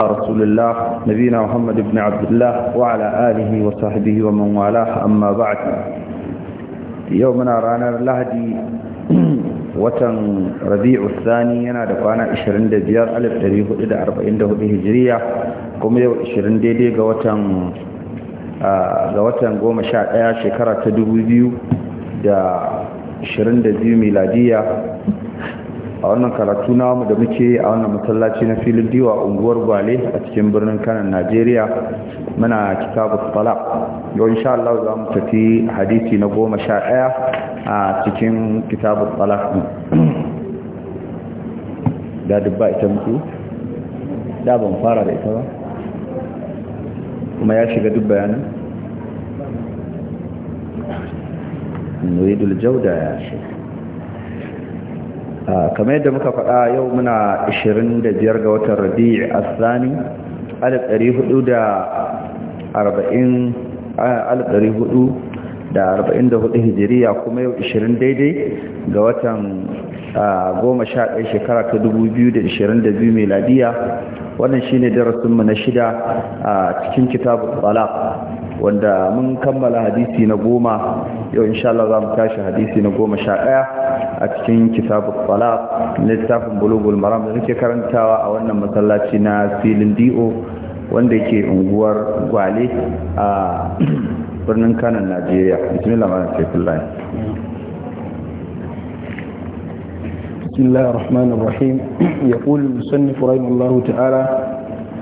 رسول الله نبينا محمد بن عبد الله وعلى آله وصحبه ومن والاه أما بعد يومنا رانا لهدي watan rabi'u sani yana da kwana 25,444 hijiriya kuma yau 20 daidai ga watan ga watan 11 shekara ta 2022 miladiya a wannan karatu mu da muke a wannan masallaci na filin diwa unguwar gwale a cikin birnin kanan najeriya muna kitabu talaq yau insha Allah za mu tafi hadisi na goma sha ɗaya a cikin kitabu ɗin da dubba ita mutu da ban fara da ita ba kuma ya shiga duk bayanin نريد الجودة يا شيخ Ah, kamar yadda muka faɗa yau muna 25 ga watan rabi'i asani 1444 hijiriya kuma yau 20 daidai ga watan 11 ah, shekara ta 2022 meladiya wannan shine darasinmu na shida a ah, cikin kitabu tsala wanda mun kammala hadisi na goma yau insha za mu tashi hadisi na goma sha ɗaya a cikin kitabul falaq littafin bulugul maram da nake karantawa a wannan masallaci na filin di'o wanda yake unguwar gwale a birnin Kano najeriya bismillah ma saifullah بسم الله الرحمن الرحيم يقول المصنف رحمه الله تعالى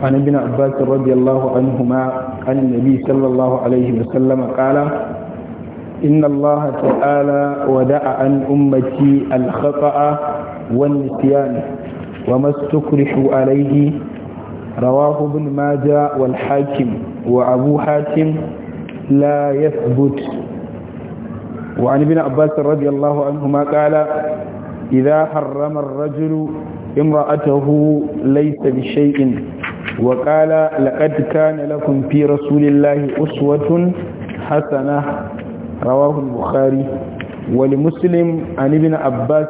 عن ابن عباس رضي الله عنهما عن النبي صلى الله عليه وسلم قال إن الله تعالى ودع عن أمتي الخطأ والنسيان وما استكرحوا عليه رواه ابن ماجه والحاكم وأبو حاتم لا يثبت وعن ابن عباس رضي الله عنهما قال إذا حرم الرجل امرأته ليس بشيء وقال لقد كان لكم في رسول الله أسوة حسنة رواه البخاري ولمسلم عن ابن عباس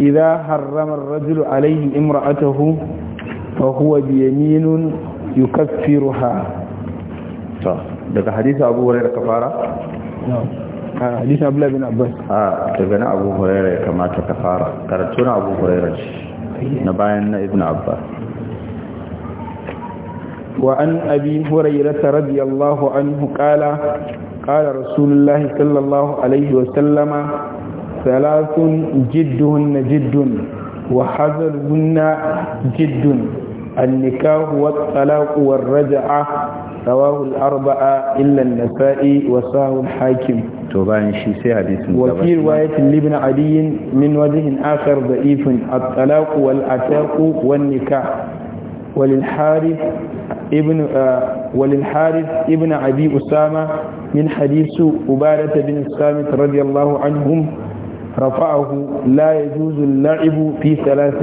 إذا حرم الرجل عليه امرأته فهو بيمين يكفرها daga hadisi abu hurairar ka fara? abu labin abbas a daga na abu hurairar ya kamata ka fara karatu na abu hurairar na bayan na ibn abbas وعن أبي هريرة رضي الله عنه قال قال رسول الله صلى الله عليه وسلم ثلاث جدهن جد وحذرهن جد النكاح والطلاق والرجعة رواه الأربعة إلا النسائي وصاه الحاكم وفي رواية لابن عدي من وجه آخر ضعيف الطلاق والعتاق والنكاح وللحارث ابن وللحارث ابن أبي أسامة من حديث أبادة بن الصامت رضي الله عنهم رفعه لا يجوز اللعب في ثلاث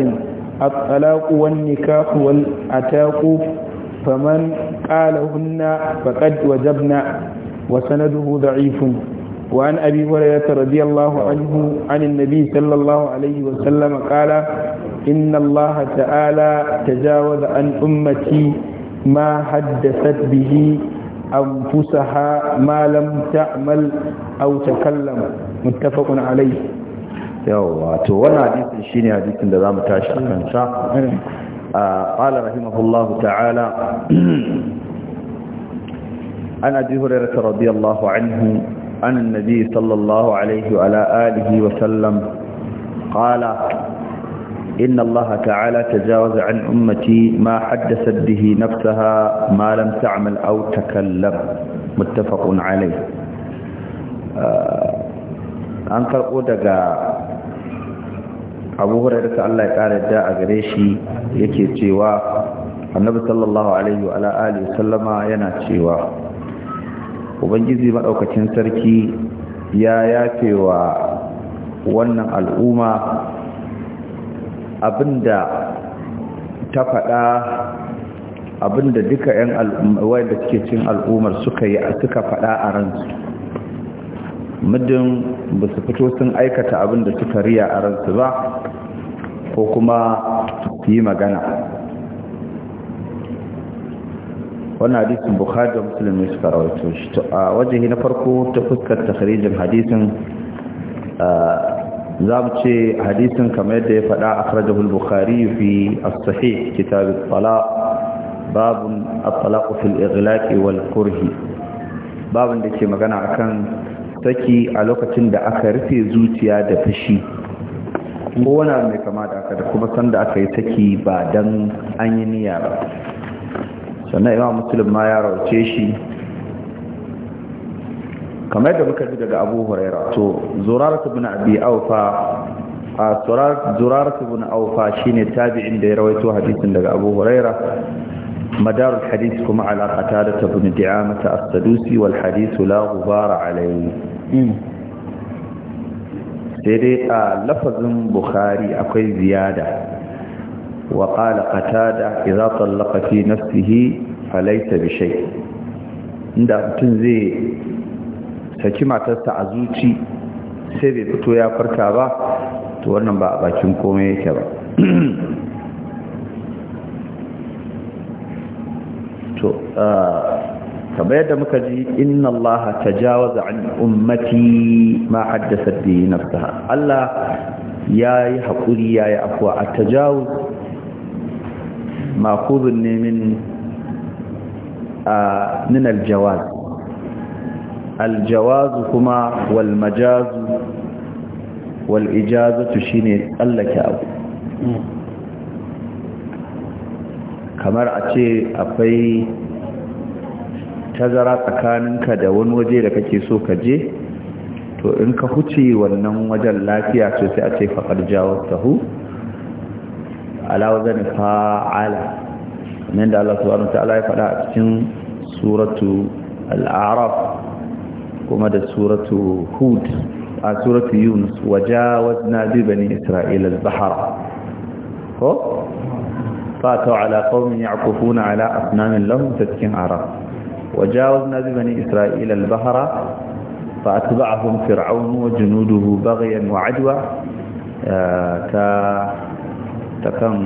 الطلاق والنكاح والعتاق فمن قالهن فقد وجبنا وسنده ضعيف وعن أبي هريرة رضي الله عنه عن النبي صلى الله عليه وسلم قال إن الله تعالى تجاوز عن أمتي ما حدثت به أنفسها ما لم تعمل أو تكلم متفق عليه yawa to wannan hadisin shine hadisin da zamu tashi akan sa qala rahimahullahu ta'ala an abi hurairah radiyallahu anhu an an-nabi sallallahu alayhi wa ala alihi wa sallam qala إن الله تعالى تجاوز عن أمتي ما حدثت به نفسها ما لم تعمل أو تكلم متفق عليه أنكر أودغا abu hurairu ta Allah ya kara da a gare shi yake cewa annabi sallallahu yana cewa ubangiji madaukakin sarki ya yafe wa wannan al'umma abinda ta faɗa abinda duka 'yan al'ummar da suke cin al'ummar suka yi suka faɗa a ransu muddin ba su fito sun aikata abinda suka riya a ransu ba ko kuma yi magana Wani hadisun bukhari da muslim ne suka rawaito shi a waje na farko ta fuskar takarijin hadisin za mu ce hadisin kamar yadda ya faɗa a farajahul bukari fi as-sahih kitab al-talaq a at-talaq fil wal kurhi babin da ke magana akan saki a lokacin da aka rufe zuciya da fushi ko wani mai kama da aka da kuma sanda aka yi saki ba dan an yi niyya ba sannan imam muslim ma ya rauce shi kamar da muka ji daga abu huraira to a zurarat ibn awfa shine tabi'in da ya rawaito hadisin daga abu huraira madar hadith kuma ala qatada ibn di'amah as-sadusi wal hadith la ghubara alayhi hmm. sai dai a lafazin bukhari akwai ziyada wa qala qatada idza tallaqa fi nafsihi falaysa bi shay inda mutum zai saki matarsa a zuci sai bai fito ya farka ba to wannan ba a bakin komai yake ba to kamar yadda muka ji inna allaha tajawaza an ummati ma haddathat bi nafsaha Allah yayi hakuri yayi afwa a tajawuz ma'khudun ne min min aljawazu kuma walmajazu wal'ijazatu shine tsallake abu kamar a ce akwai tazara tsakaninka da wani waje da kake so ka je to in ka huce wannan wajen lafiya to sai a ce faƙar jawo tahu alawa zane fa'ala nan da Allah subhanahu ta'ala ya faɗa a cikin suratu al'araf kuma da suratu hud a suratu yunus wajawazna wajen bani isra'ila al-bahra ko fatau ala qaumin ya'kufuna ala asnamin lahum taskin arab wajawazna bi bani isra'ila al-bahra فأتبعهم فرعون وجنوده بغيا وعدوى تكن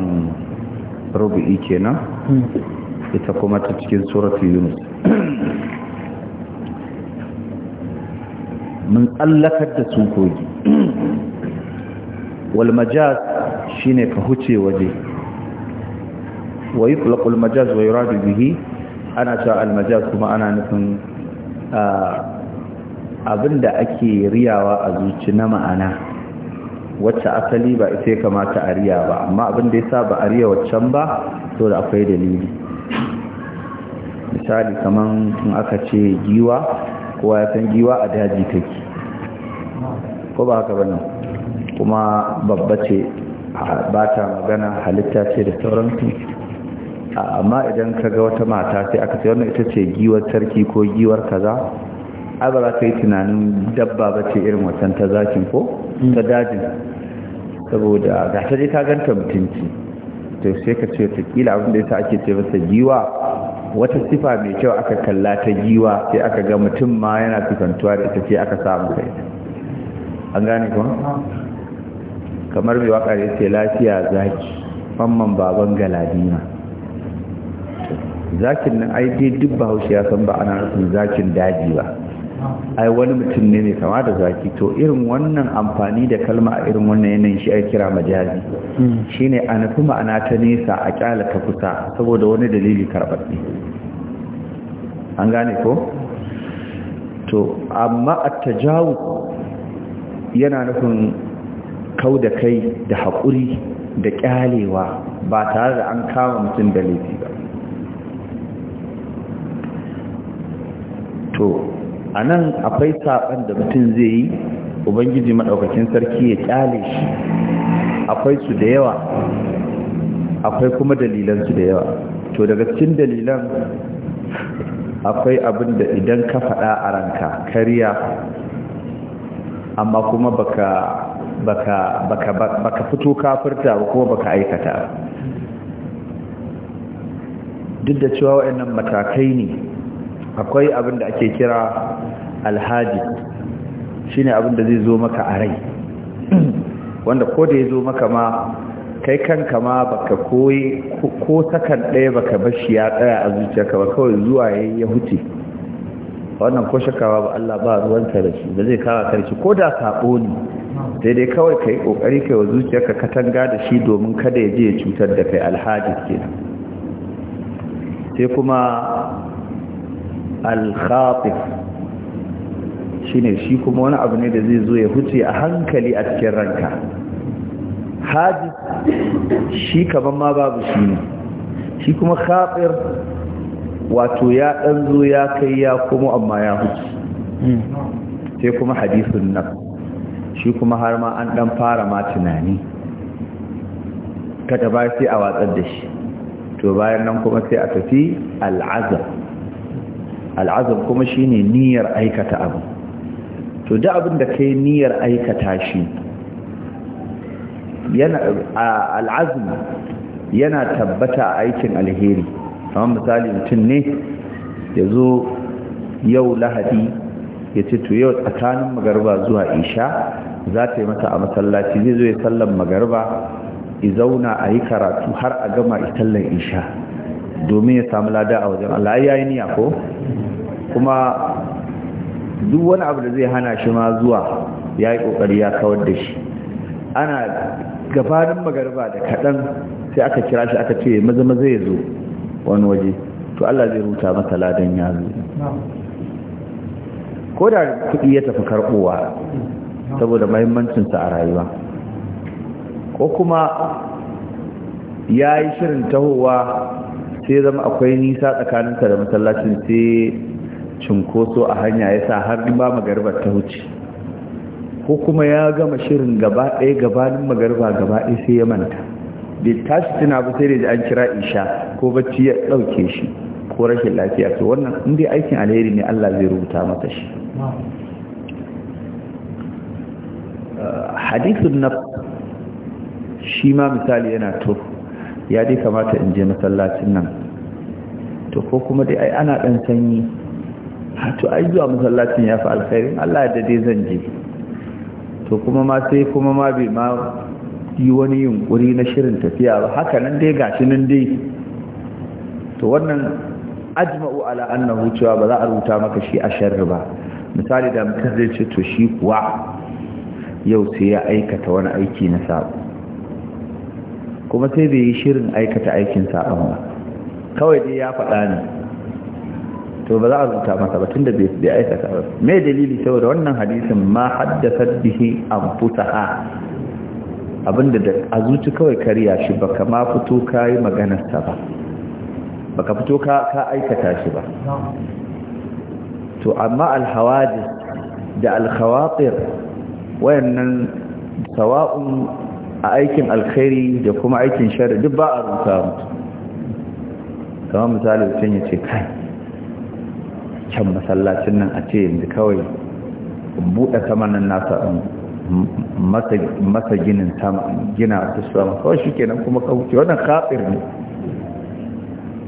ربعي كنا ita kuma ta cikin suratu yunus mun tsallakar da su kogi walmajaz shi ne ka huce waje wa yi kulakul majaz wa yi bihi ana cewa almajaz kuma ana nufin da ake riyawa a zuci na ma'ana wacce asali ba ita ya kamata a riya ba amma abin abinda ya sa ba a riya waccan ba to da akwai dalili misali kamar tun aka ce giwa kowa ya san giwa a daji take ko ba haka bane kuma babba ce ba ta magana halitta ce da sauransu amma idan ka ga wata mata sai aka ce wannan ita ce giwar sarki ko giwar kaza ai ba za ka yi tunanin dabba ba ce irin wancan ta zakin ko mm. ta dajin saboda ga ta je ta ganta mutunci to sai ka ce ta kila abin da yasa ake ce masa giwa wata sifa mai kyau aka kalla ta giwa sai aka ga mutum ma yana sifantuwa da ita ce aka samu kai an gane kuma kamar mai waka da ce lafiya zaki famman baban Galadina. zakin nan ai dai duk bahaushe ya san ba ana nufin zakin daji ba ai wani mutum ne mai kama da zaki to irin wannan amfani da kalma a irin wannan yanayin shi a kira majazi hmm. shine a nufi ma'ana ta nesa a kyala ta kusa saboda wani dalili karɓaɓɓe an gane ko to amma a tajawu yana nufin kau da kai da haƙuri da kyalewa ba tare da an kama mutum da laifi ba to a nan akwai saɓan da mutum zai yi ubangiji maɗaukacin sarki ya ƙyale shi akwai su da yawa akwai kuma dalilan su da yawa to daga cikin dalilan akwai abin da idan ka faɗa a ranka kariya amma kuma baka ka fito kafirta ba kuma baka aikata duk da cewa waɗannan matakai ne akwai abin da ake kira alhaji shine abin da zai zo maka a rai wanda ko da ya zo maka ma kai kanka ma baka koyi ko sakan ɗaya baka bashi ya tsaya a zuciyarka ba kawai zuwa yayi ya huce wannan ko shakawa ba Allah ba ruwanta da shi da zai kawo karshe ko da sabo ne sai dai kawai kai kokari kai wa zuciyarka katanga da shi domin kada ya je ya cutar da kai alhaji kenan sai kuma al-khatif shine shi kuma wani abu ne da zai zo ya huce a hankali a cikin ranka haji shi kaman ma babu shi ne shi kuma khatir wato ya dan zo ya kai ya kuma amma ya huce hmm. sai kuma hadisun nan shi kuma har ma an ɗan fara ma tunani kada ba sai a watsar da shi to bayan nan kuma sai a tafi al'azab al'azam kuma shine niyyar aikata abu to da abin da kai niyyar aikata shi yana yana tabbata a aikin alheri kamar misali mutum ne ya zo yau lahadi ya ce to yau tsakanin magarba zuwa isha za ta yi mata a masallaci zai zo ya sallan magarba i zauna a yi karatu har a gama sallan isha domin ya samu lada a wajen Allah ya yi niyya ko kuma duk wani abu da zai hana shi ma zuwa ya yi ƙoƙari ya kawar da shi ana gabanin magarba da kaɗan sai aka kira shi aka ce maza maza ya zo wani waje to Allah zai ruta masa ladan ya zo ko da kuɗi ya tafi karɓowa saboda mahimmancinsa a rayuwa ko kuma ya yi shirin tahowa sai zama akwai nisa tsakaninsa da masallacin sai cinkoso a hanya ya sa har ba magarbar ta wuce ko kuma ya gama shirin gaba ɗaya gabanin magarba gaba ɗaya sai ya manta bai tashi tuna ba sai da an kira isha ko bacci ya ɗauke shi ko rashin lafiya to wannan in dai aikin alheri ne Allah zai rubuta masa shi hadithun na shi ma misali yana to ya dai kamata in je masallacin nan to ko kuma dai ai ana ɗan sanyi to ai zuwa masallacin ya fi alkhairin Allah ya dade zan je to kuma ma sai kuma ma bai ma yi wani yunkuri na shirin tafiya ba haka nan dai gashi nan dai to wannan ajma'u ala annahu cewa ba za a rubuta maka shi a sharri ba misali da mutum zai ce to shi kuwa yau sai ya aikata wani aiki na sabo kuma sai bai yi shirin aikata aikin sabon ba kawai dai ya faɗa ni. to ba za a rubuta masa ba tunda bai aikata ba me dalili saboda wannan hadisin ma haddasar bihi ha abinda da azuci kawai kariya shi baka ma fito kai maganar ta ba baka fito ka ka aikata shi ba to amma alhawadis da alkhawatir wayannan sawa'un a aikin alkhairi da kuma aikin shari duk ba a rubuta mutu kamar misali mutum ya ce kai can masallacin nan a ce yanzu kawai buɗe samanin nasa masa ginin gina su sama kawai shi kenan kuma kawuce wannan kafir ne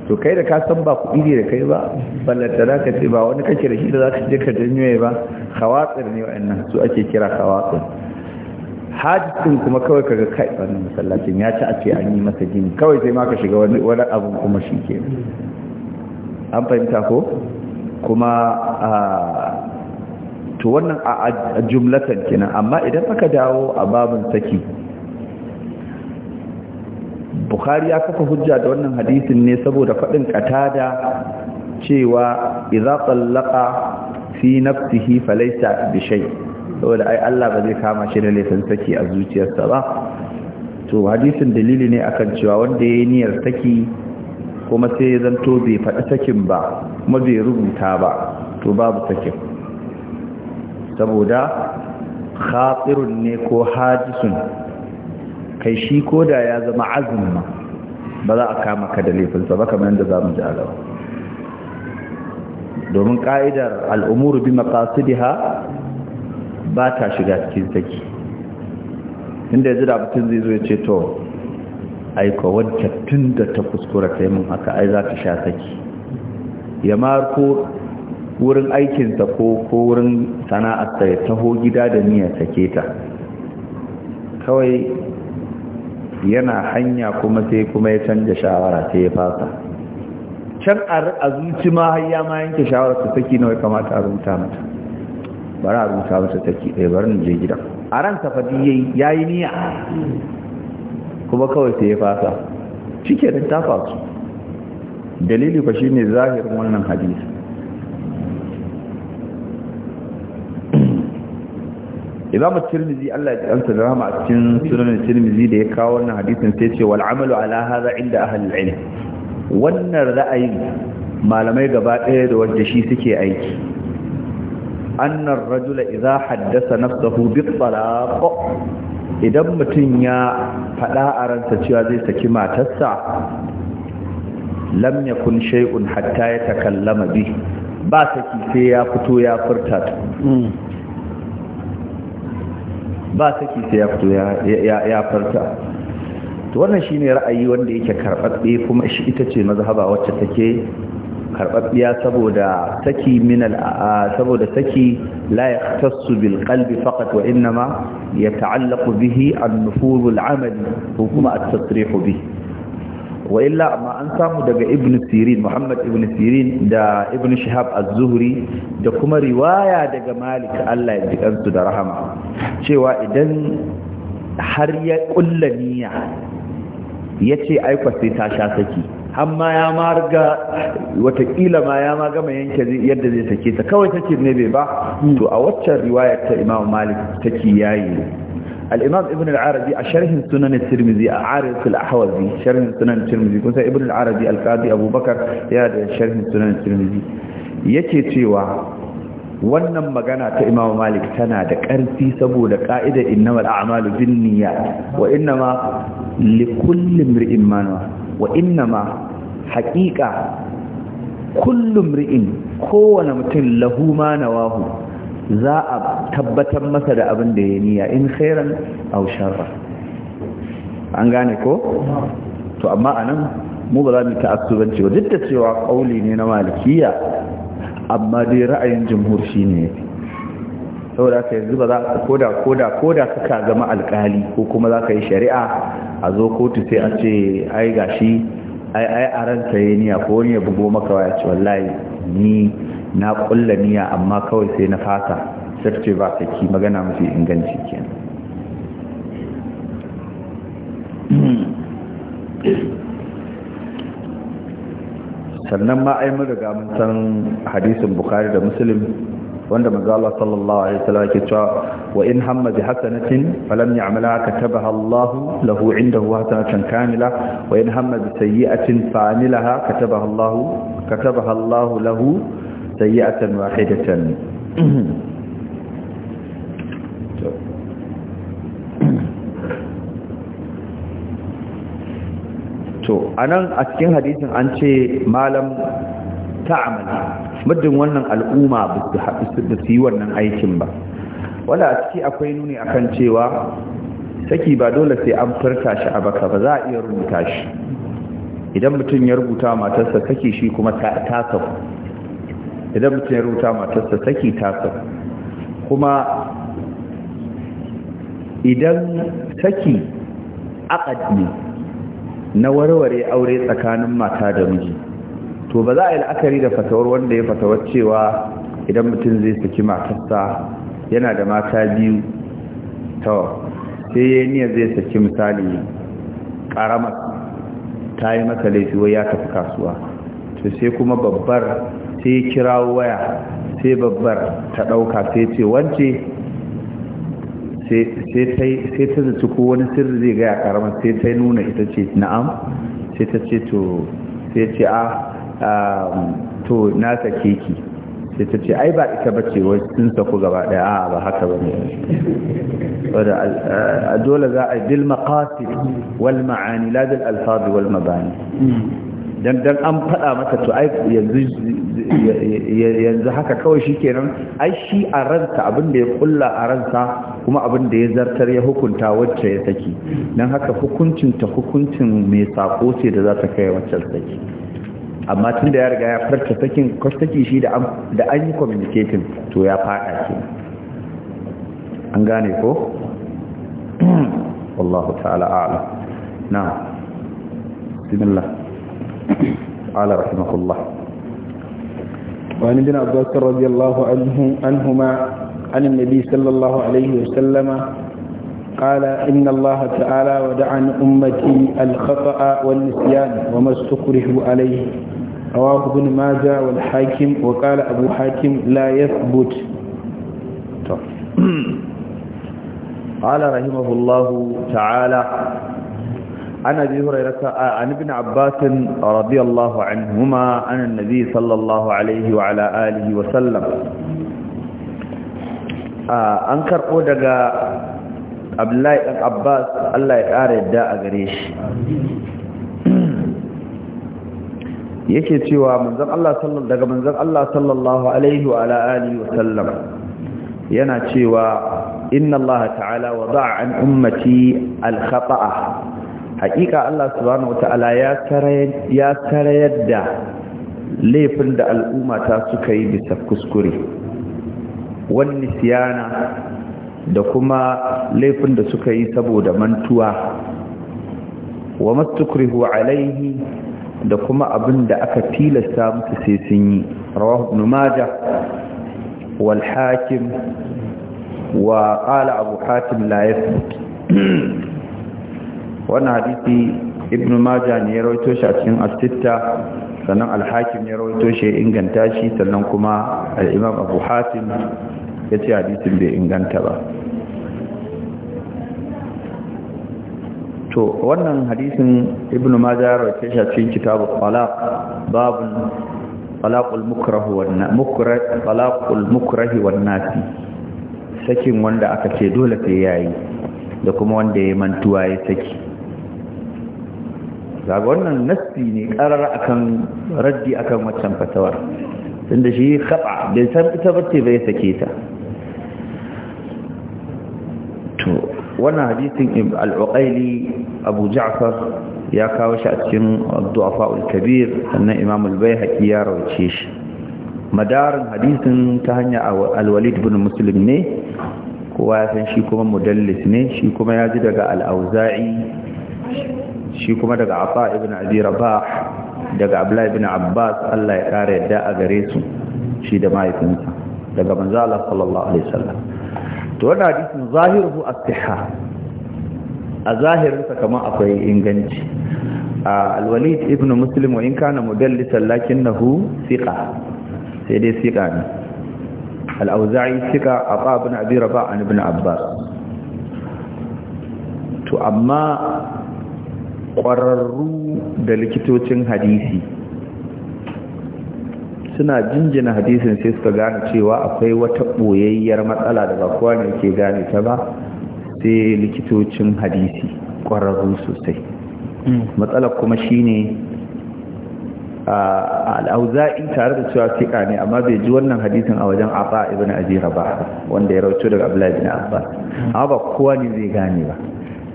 to kai da ka san ba kuɗi ne da kai ba ballata za ka ce ba wani kake da shi da za ka je ka janyo ba khawatsir ne wa'annan su ake kira khawatsir hajjin kuma kawai kaga kai wannan masallacin ya ci a ce an yi masa gini kawai sai ma ka shiga wani abin kuma shi kenan an fahimta ko kuma to wannan a jumlatan kenan amma idan aka dawo a babin saki bukhari ya kafa hujja da wannan hadisin ne saboda faɗin katada cewa idza tsallaqa fi nafsihi falaysa bi shay saboda ai Allah ba zai kama shi da laifin saki a zuciyarsa ba to hadisin dalili ne akan cewa wanda yayi niyyar saki kuma sai ya zanto bai faɗi sakin ba kuma bai rubuta ba to babu sakin saboda khatirun ne ko hajisun kai shi ko da ya zama azumin ba za a kama ka da laifinsa ba kamar yadda za mu ji alawa domin ƙa'idar al'umuru bi maqasidiha ba ta shiga cikin saki inda ya ji da mutum zai zo ya ce to aika wadda tun da ta kuskura ta yi mun haka ai za ta sha saki ya marko wurin aikinsa ko ko wurin sana'arsa ya taho gida da ta sake ta kawai yana hanya kuma sai kuma ya canja shawara sai ya fasa can a zuci ma har ya ma yanke shawara ta saki na wai kamata a rubuta mata bari a rubuta mata saki ɗaya bari na je gida a ran fadi yayi niyya kuma kawai sai ya fasa cike da ta fasu dalili fa ne zahirin wannan hadisi Imam Tirmidhi Allah ya tsanta da a cikin sunan tirmizi da ya kawo wannan hadisin sai ce wal amalu ala hadha inda ahli al wannan ra'ayin malamai gaba ɗaya da wanda shi suke aiki annar rajula idza haddasa nafsahu bi talaq idan mutum ya faɗa a ransa cewa zai saki matarsa lamya kun shaikun hatta ya takallama bi ba saki sai ya fito ya furta hmm. ba saki sai ya fito ya furta to wannan shine ra'ayi wanda yake karɓaɓɓe kuma shi ita ce mazhaba wacce take karɓaɓɓiya saboda saki minal saboda saki la yaqtasu bil qalbi faqat wa innama yata'allaqu bihi an-nufuz al-amali ko at-tasrih bihi wa illa amma an samu daga ibn sirin muhammad ibn sirin da ibn shihab az-zuhri da kuma riwaya daga malik Allah ya da rahama cewa idan har ya kullaniya yace aikwa sai ta sha saki Amma ya marga watakila ma ya ma gama yanke yadda zai sake ta kawai take ne bai ba to a waccan riwayar ta imam malik take yayi الإمام ابن العربي شرح سنن الترمذي عارف الأحوذي شرح سنن الترمذي كنت Arabi al القاضي Abubakar بكر da شرح سنن الترمذي yake cewa wannan magana ta Imam Malik tana da ƙarfi saboda ka'idar innamal a'malu binniyat wa innama likulli imrin ma nawa wa innama haƙiƙa kullum ri'in kowane mutum lahu ma wahu, za a tabbatar masa da abin da ya niya in khairan aw sharra an gane ko to amma nan, mu ba za mu ta'assubanci ba duk da cewa kauli ne na malikiya amma dai ra'ayin jumhur shine saboda ka yanzu ba za ka koda koda koda ka zama alkali ko kuma za ka yi shari'a a zo kotu sai a ce ai gashi ai ai a ranta yi niya ko wani ya bugo maka waya ce wallahi ni na kulla niyya amma kawai sai na fata sai ce ba ki magana mafi inganci kenan sannan ma ai mun riga mun san hadisin bukhari da muslim wanda manzo sallallahu alaihi wasallam yake cewa wa in hamma bi hasanatin falam ya'malha katabaha Allah lahu indahu hasanatan kamila wa in hamma bi sayyi'atin fa'amilaha katabaha Allah katabaha Allah lahu sayyi'atan wahidatan to anan a cikin hadisin an ce malam ta'amal muddin wannan al'umma ba su yi wannan aikin ba wala a ciki akwai nuni akan cewa saki ba dole sai an furta shi a baka ba za a iya rubuta shi idan mutum ya rubuta matarsa saki shi kuma ta sau idan mutum ya rubuta matarsa saki ta sau kuma idan saki akad na warware aure tsakanin mata da miji to ba za a yi la'akari da fatawar wanda ya fatawar cewa idan mutum zai saki matarsa yana da mata biyu to sai ya niya zai saki misali karamar ta yi masa laifi ya tafi kasuwa to sai kuma babbar sai ya kira waya sai babbar ta ɗauka sai ce wance sai ta zaci ko wani sirri zai gaya karamar sai ta nuna ita ce na'am sai ta ce to sai ce a ah, Um, to na sake ki sai ta ce ai ba ita ba ce wai sun saku gaba a ba haka ba ne wadda uh, a dole za a yi bil wal ma'ani la alfadu wal mabani dan dan an faɗa mata to ai yanzu yanzu haka kawai shikenan ai shi a ransa abinda ya kulla a ransa kuma abinda ya zartar ya hukunta wacce ya saki dan haka hukuncin ta hukuncin mai sako ce da za ta kai wacce saki amma tun da ya riga ya farta sakin kwastaki shi da an yi communicating to ya faɗa ke an gane ko? wallahu ta'ala ala na bismillah ala rahimahullah وعن ابن عباس رضي الله عنه عنهما عن النبي صلى قال إن الله تعالى ودعا أمتي الخطأ والنسيان وما استكرهوا عليه رواه ابن ماجه والحاكم وقال أبو حاكم لا يثبت قال رحمه الله تعالى عن ابي هريره عن ابن عباس رضي الله عنهما عن النبي صلى الله عليه وعلى اله وسلم an karɓo daga abdullahi dan abbas Allah ya ƙara yadda a gare shi yake cewa manzon Allah sallallahu daga manzon Allah sallallahu alaihi wa alihi wa yana cewa inna Allah ta'ala wada'a an ummati al-khata'a haƙiƙa Allah subhanahu wata'ala ya tarayar ya tarayar da laifin da al'umma ta suka yi bisa kuskure wani siyana da kuma laifin da suka yi saboda mantuwa wa mastukrihu alaihi da kuma abin da aka tilasta musu sai sun yi rawahu ibn majah wal hakim wa qala abu hatim la Wani wannan hadisi ibn majah ne ya rawaito shi a cikin as-sitta sannan al-hakim ya rawaito shi inganta shi sannan kuma al-imam abu hatim yace hadisin bai inganta ba to wannan hadisin ibn majah rawaita shi a cikin al talaq babun talaqul mukrahu wan mukrah talaqul mukrahi wan nasi sakin wanda aka ce dole sai yayi da kuma wanda ya mantuwa ya saki daga wannan nassi ne karar akan raddi akan waccan fatawar tunda shi khata bai san ita ba sai bai sake ta wannan hadisin al'uƙaili abu ja'far ya kawo shi a cikin du'afa ulkabir kabir sannan imam albai haƙi ya rawace shi madarin hadisin ta hanya alwalid bin ibn ne kowa ya san shi kuma mudallis ne shi kuma ya ji daga al'auza'i shi kuma daga afa ibn abi rabah daga abdullahi ibn abbas Allah ya ƙara yadda a gare su shi da mahaifinsa daga manzo Allah sallallahu alaihi wasallam to wannan hadisin zahiru a siha a zahirinsa kamar akwai inganci al-walid ibn muslim wa in kana mudallisan lakinnahu thiqa sai dai thiqa ne al-auza'i a aba ibn abi rabah an abbas to amma ƙwararru da likitocin hadisi suna jinjina hadisin sai suka gane cewa akwai wata ɓoyayyar matsala da ba kowa ne ke gane ta ba sai likitocin hadisi ƙwararru sosai hmm. matsalar kuma shine al'auza'i tare da cewa fiƙa ne amma bai ji wannan hadisin a wajen afa ibn Azira ba wanda ya rauto daga abdullahi lajina Abba. Hmm. amma ba kowa ne zai gane ba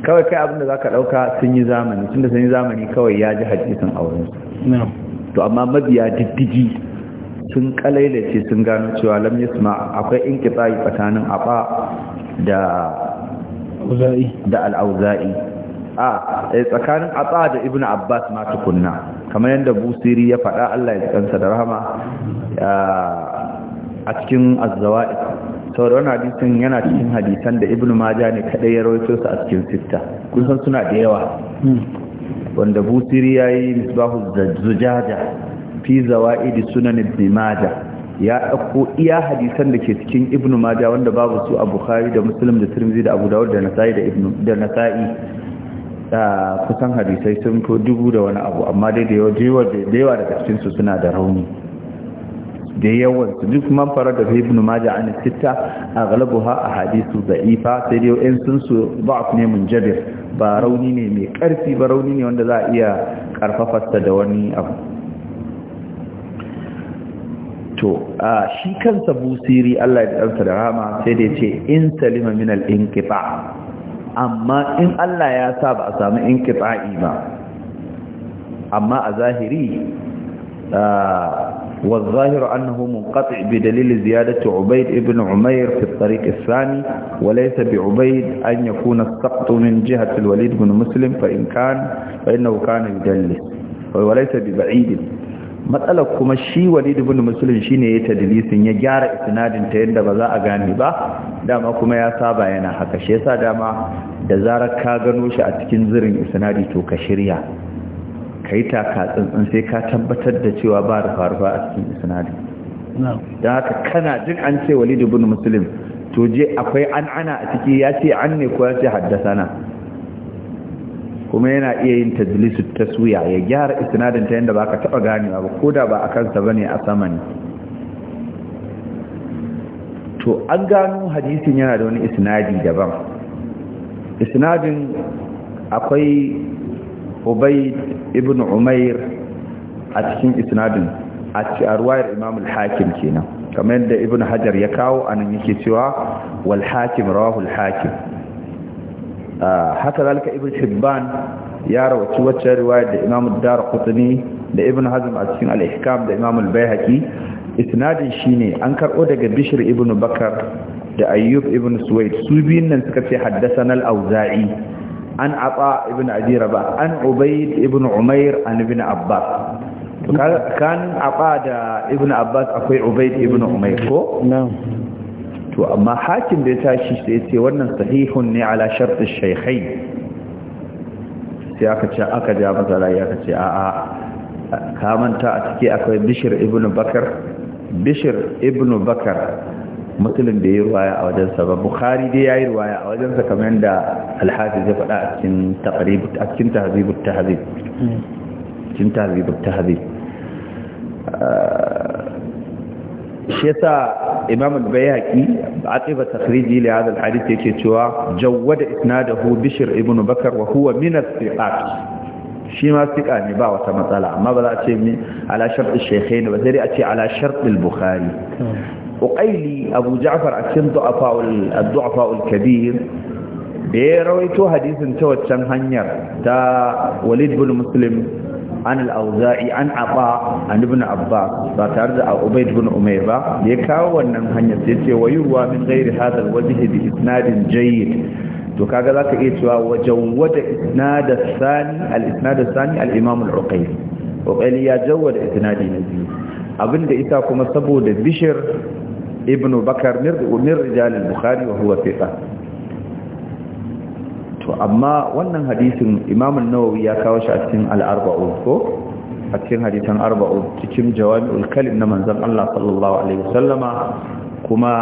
kawai kai abinda za ka ɗauka sun yi zamani tunda sun yi zamani kawai ya ji hadisin a wurinsu to amma mabiya diddigi sun ce sun gano cewa lam yasma akwai inqita'i tsakanin aba da auza'i a eh, tsakanin aba da ibnu abbas ma tukunna kamar yadda busiri ya faɗa Allah ya tsansa da rahama a cikin az-zawaid da wannan hadisin yana cikin hadisan da ibnu majah ne kadai ya rawaito su a cikin Sita, kun san suna da yawa hmm. wanda busiri ya yayi misbahu zujaja fi zawaidi sunan ibn maja ya dauko iya hadisan da ke cikin ibn maja wanda babu su a bukhari da muslim da tirmizi da abu dawud da nasa'i da ibn da nasa'i da kusan hadisai sun ko dubu da wani abu amma dai da yawa da yawa daga cikin su suna da rauni da yawan su duk man fara da ibn maja an sitta aghlabuha ahadithu da'ifa sai dai yan sun su ba'af ne munjabir ba rauni ne mai karfi ba rauni ne wanda za a iya karfafa da wani abu to a shi kansa busiri Allah ya ɗansa da rama sai da ce in salima min al amma in Allah ya sa ba a samu inqita'i ba amma a zahiri wa zahiru annahu munqati bi dalil ziyadati ubayd ibn umayr fi at-tariq ath-thani wa laysa bi ubayd an yakuna as-saqt min jihati al-walid ibn muslim fa in kan fa innahu kana yudallis wa laysa bi matsalar kuma shi walid musulun shi ne ya tadlisin ya gyara isinadin ta yadda ba za a gane ba dama kuma ya saba yana haka shi yasa dama da zarar ka gano shi a cikin zirin isnadi to ka shirya ka yi taka tsantsan sai ka tabbatar da cewa ba rufa rufa a cikin isnadi don haka kana jin an ce walid ibn musulun to je akwai an'ana a ciki ya ce an ne ko ya ce haddasa na kuma yana iya yin tajlisu taswiya ya gyara isnadin ta yanda baka taba ganewa ba koda ba akan sa bane a saman. to an gano hadisin yana da wani isnadi daban isnadin akwai Ubayd ibn Umair a cikin isnadin a ruwayar Imam al-Hakim kenan kamar yadda Ibn Hajar ya kawo anan yake cewa wal Hakim rawahu al-Hakim Ah, haka zalika ibn hibban ya rawaci wacce riwaya da imam ad-darqutni da ibn hazm a cikin al-ihkam da imam al-baihaqi isnadin shine an karbo daga bishr ibn bakar da ayyub ibn suwaid su biyun nan suka ce haddathana al-auza'i an aba ibn abi rabah an ubayd ibn umair an ibn abbas kan aba da ibn abbas akwai ubayd ibn umair ko to amma hakim da ya tashi ya ce wannan sahihun ne ala shartu shaykhai sai aka ce aka ja masa rai ka ce a a ka a ciki akwai bishir ibnu bakar bishir ibnu bakar musulun da ya yi ruwaya a wajensa ba bukhari da ya yi ruwaya a wajensa kamar yadda alhafiz ya faɗa a cikin taqrib a cikin tahzibut tahzib cikin tahzibut tahzib shi yasa imam al-bayhaqi atiba takhriji li hadha al-hadith yake cewa jawwada isnadahu bishr ibn bakr wa huwa min as-siqat shi ma siqa ne ba wata matsala amma ba za a ce ni ala shart al-shaykhain ba sai a ce ala shart al-bukhari uqayli abu ja'far akin du'afa al-du'afa al-kabir da ya rawaito hadisin ta waccan hanyar ta walid bin muslim an al-auza'i an aba a nufin abba ba tare da ubayd ibn umai ba da ya kawo wannan hanyar sai ce wayuwa min ghairi hadha al-wajh bi isnadin jayyid to kaga zaka iya cewa wajen wata isnad al-thani al-isnad ya jawwada isnadi na biyu abinda ita kuma saboda bishir ibn bakar mir rijal al-bukhari wa huwa thiqa to amma wannan hadisin imam nawawi ya kawo shi a cikin al'arba'u ko a cikin hadisan arba'un cikin jawami'ul kalim na manzon Allah sallallahu alaihi wasallama kuma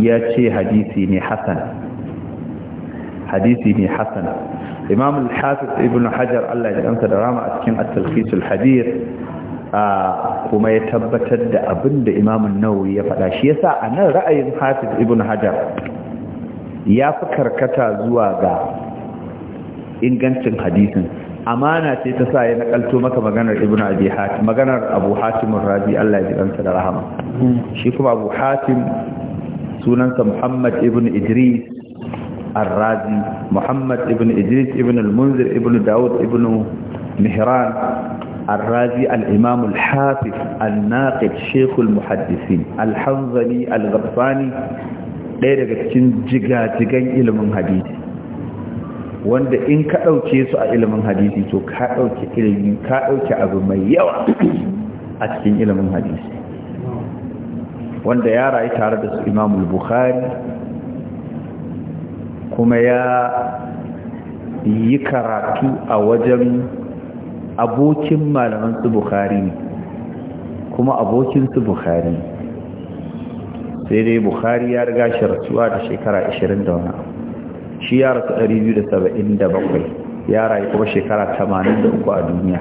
ya ce hadisi ne hasan hadisi ne hasan al-hafiz ibn hajar Allah ya kansa da rama a cikin at-talqis al kuma ya tabbatar da abinda da imam nawawi ya faɗa shi yasa anan ra'ayin hafiz ibn hajar ya fi karkata zuwa ga ingancin hadisin amana ce ta sa ya nakalto maka maganar ibnu abi hatim maganar abu hatim radi Allah ya ji da rahama shi kuma abu hatim sunansa muhammad ibnu idris ar-razi muhammad ibnu idris ibnu al-munzir ibnu daud ibnu mihran الرازي الإمام الحافظ الناقد شيخ المحدثين الحنظلي الغطفاني ɗaya daga cikin jigajigan ilimin hadisi wanda in ka ɗauke su a ilimin hadisi to ka ɗauke ilimin ka ɗauke abu mai yawa a cikin ilimin hadisi wanda ya rayu tare da su imamul bukhari kuma ya yi karatu a wajen abokin malaman su bukhari kuma abokin su bukhari sai dai bukhari ya riga shi rasuwa da shekara 20 da wani shi ya rasu 277 ya rayu kuma shekara 83 a duniya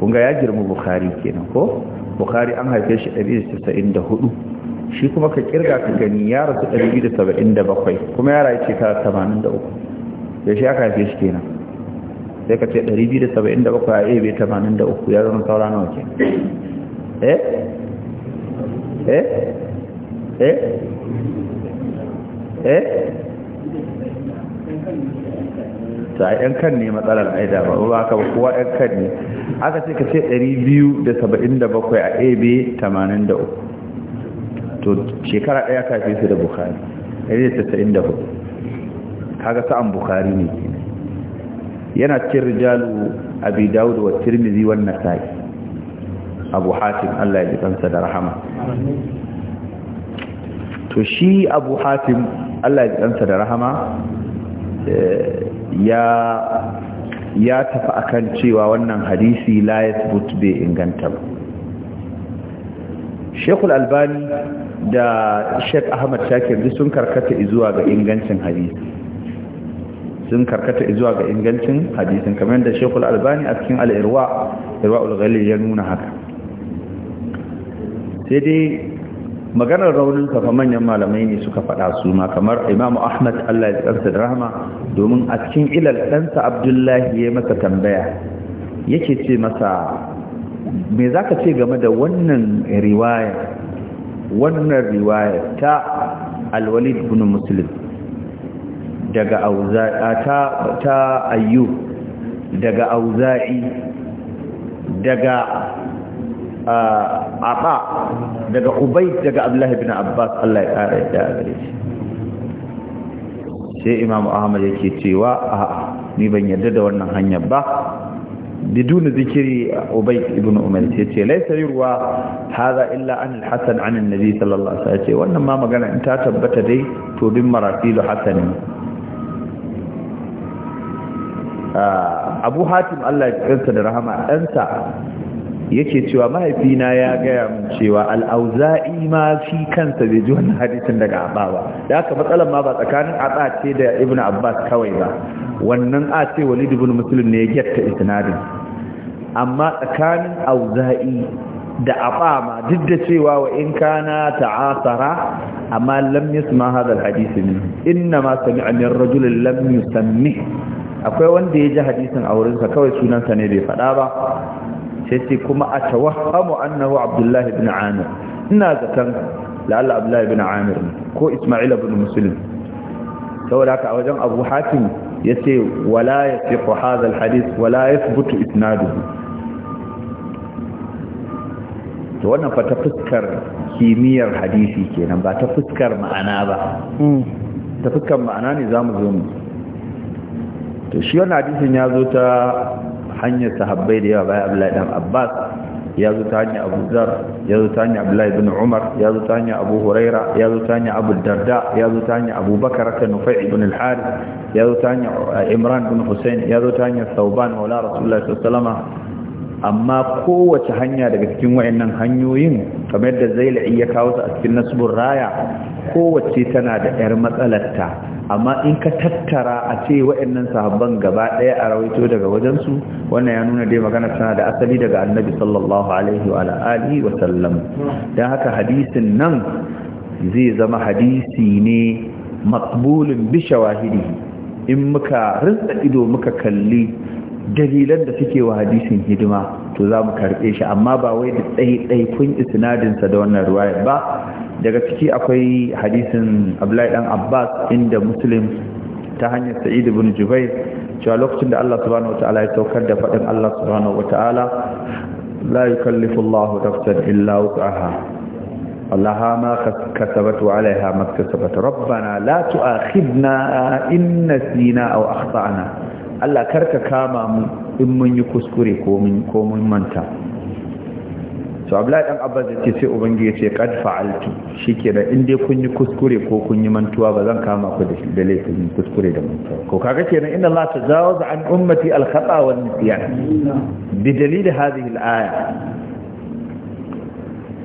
Kunga ya girma Bukhari kenan ko Bukhari an haife shi hudu, shi kuma ka kirga ka gani ya rasu 277 kuma ya rayu shekara 83 da shi aka haife shi kenan sai ka ce 277 a ebe 83 ya zama saura nawa ke? eh eh eh eh ta yan kan ne matsalar aida ba ba ka ba kowa yan kan ne aka ce ka ce 277 a ab 83 to shekara daya ta fi su da bukari 194 kaga sa'an bukari ne yana cikin rijalu abi dawud wa tirmidhi wa nasa'i abu hatim Allah ya ji kansa da rahama to shi abu hatim Allah ya ji kansa da rahama eh, ya tafi akan cewa wannan hadisi la ya bai inganta ba shekul albani da Sheikh ahmad shakir sun karkata zuwa ga ingancin hadisi sun karkata zuwa ga ingancin hadisin kamar da shekul albani a cikin al'irwa irwa ulghali ya nuna haka sai dai maganar raunin kafa manyan malamai ne suka faɗa su ma kamar imamu ahmad allah ya tsarsa da rahama domin a cikin ilal ɗansa abdullahi ya masa tambaya yake ce masa me za ka ce game da wannan riwaya wannan riwaya ta alwalid bin muslim daga ta ta ayyu daga auza'i daga ata daga ubay daga abdullahi bin abbas Allah ya kare da gare shi sai imam ahmad yake cewa a'a ni ban yarda da wannan hanyar ba بدون ذكر أبي بن أمير يتي ليس يروى هذا إلا عن الحسن عن النبي صلى الله عليه وسلم وإنما ما قال أنت تبت دي تودم مراتيل حسن أبو حاتم الله rahama درهما أنت yake cewa mahaifina ya gaya min cewa al'auza'i ma shi kansa bai ji wannan hadisin daga abba ba da haka matsalar ma ba tsakanin abba ce da ibn abbas kawai ba wannan a ce walid ibn muslim ne ya gyatta isnadin amma tsakanin auza'i da abba ma duk da cewa wa in kana ta'asara amma lam yasma hadha hadisi ne. min inna ma sami'a min rajulin lam yusammih akwai wanda ya ji hadisin a wurinsa kawai sunansa ne bai faɗa ba sai ce kuma a tawahhamu annahu Abdullahi ibn amir ina zaton la'alla Abdullahi ibn amir ko isma'il ibn muslim saboda haka a wajen abu ya yace wala ya yasihu hadha alhadith wala yathbutu isnaduhu to wannan fa ta fuskar kimiyyar hadisi kenan ba ta fuskar ma'ana ba hmm. ta fuskar ma'ana ne zamu zo mu to shi wannan hadisin ya zo ta hanyar sahabbai da yawa bayan abdullahi dan abbas ya zo ta hanyar abu zar ya zo ta hanyar abdullahi bin umar ya zo ta hanyar abu huraira ya zo ta hanyar abu darda ya zo ta hanyar abu bakar ta nufai ibn al-harith ya zo ta hanyar eh, imran bin hussein ya zo ta hanyar sauban maula rasulullahi sallallahu amma kowace hanya daga cikin wayannan hanyoyin kamar da zailai ya kawo su a cikin nasbur raya kowace tana da yar matsalarta amma in ka tattara a ce wa'annan sahabban gaba ɗaya a rawaito daga wajen su, wannan ya nuna dai magana tana da asali daga annabi sallallahu alaihi wa alihi wa sallam dan haka hadisin nan zai zama hadisi ne maqbulun bi shawahidi in muka rinsa ido muka kalli dalilan da suke wa hadisin hidima to za mu karɓe shi amma ba wai da ɗaiɗaikun isnadinsa da wannan ruwayar ba daga ciki akwai hadisin Abdullahi dan Abbas inda Muslim ta hanyar Sa'id ibn Jubair cewa lokacin da Allah subhanahu wataala ya saukar da faɗin Allah subhanahu wataala la yukallifu allah nafsan illa wus'aha Allaha ma kasabat alaiha ma kasabat rabbana la tu'akhidna in nasina aw akhtana Allah karka kama mu in mun yi kuskure ko mun manta to abdullahi dan abbas ya ce sai ubangi ya ce qad fa'altu shikenan in dai kun yi kuskure ko kun yi mantuwa ba zan kama ku da da laifin kuskure da mantuwa ko kaga kenan inna allaha tajawaza an ummati al khata wal nisyan bi dalil hadhihi al aya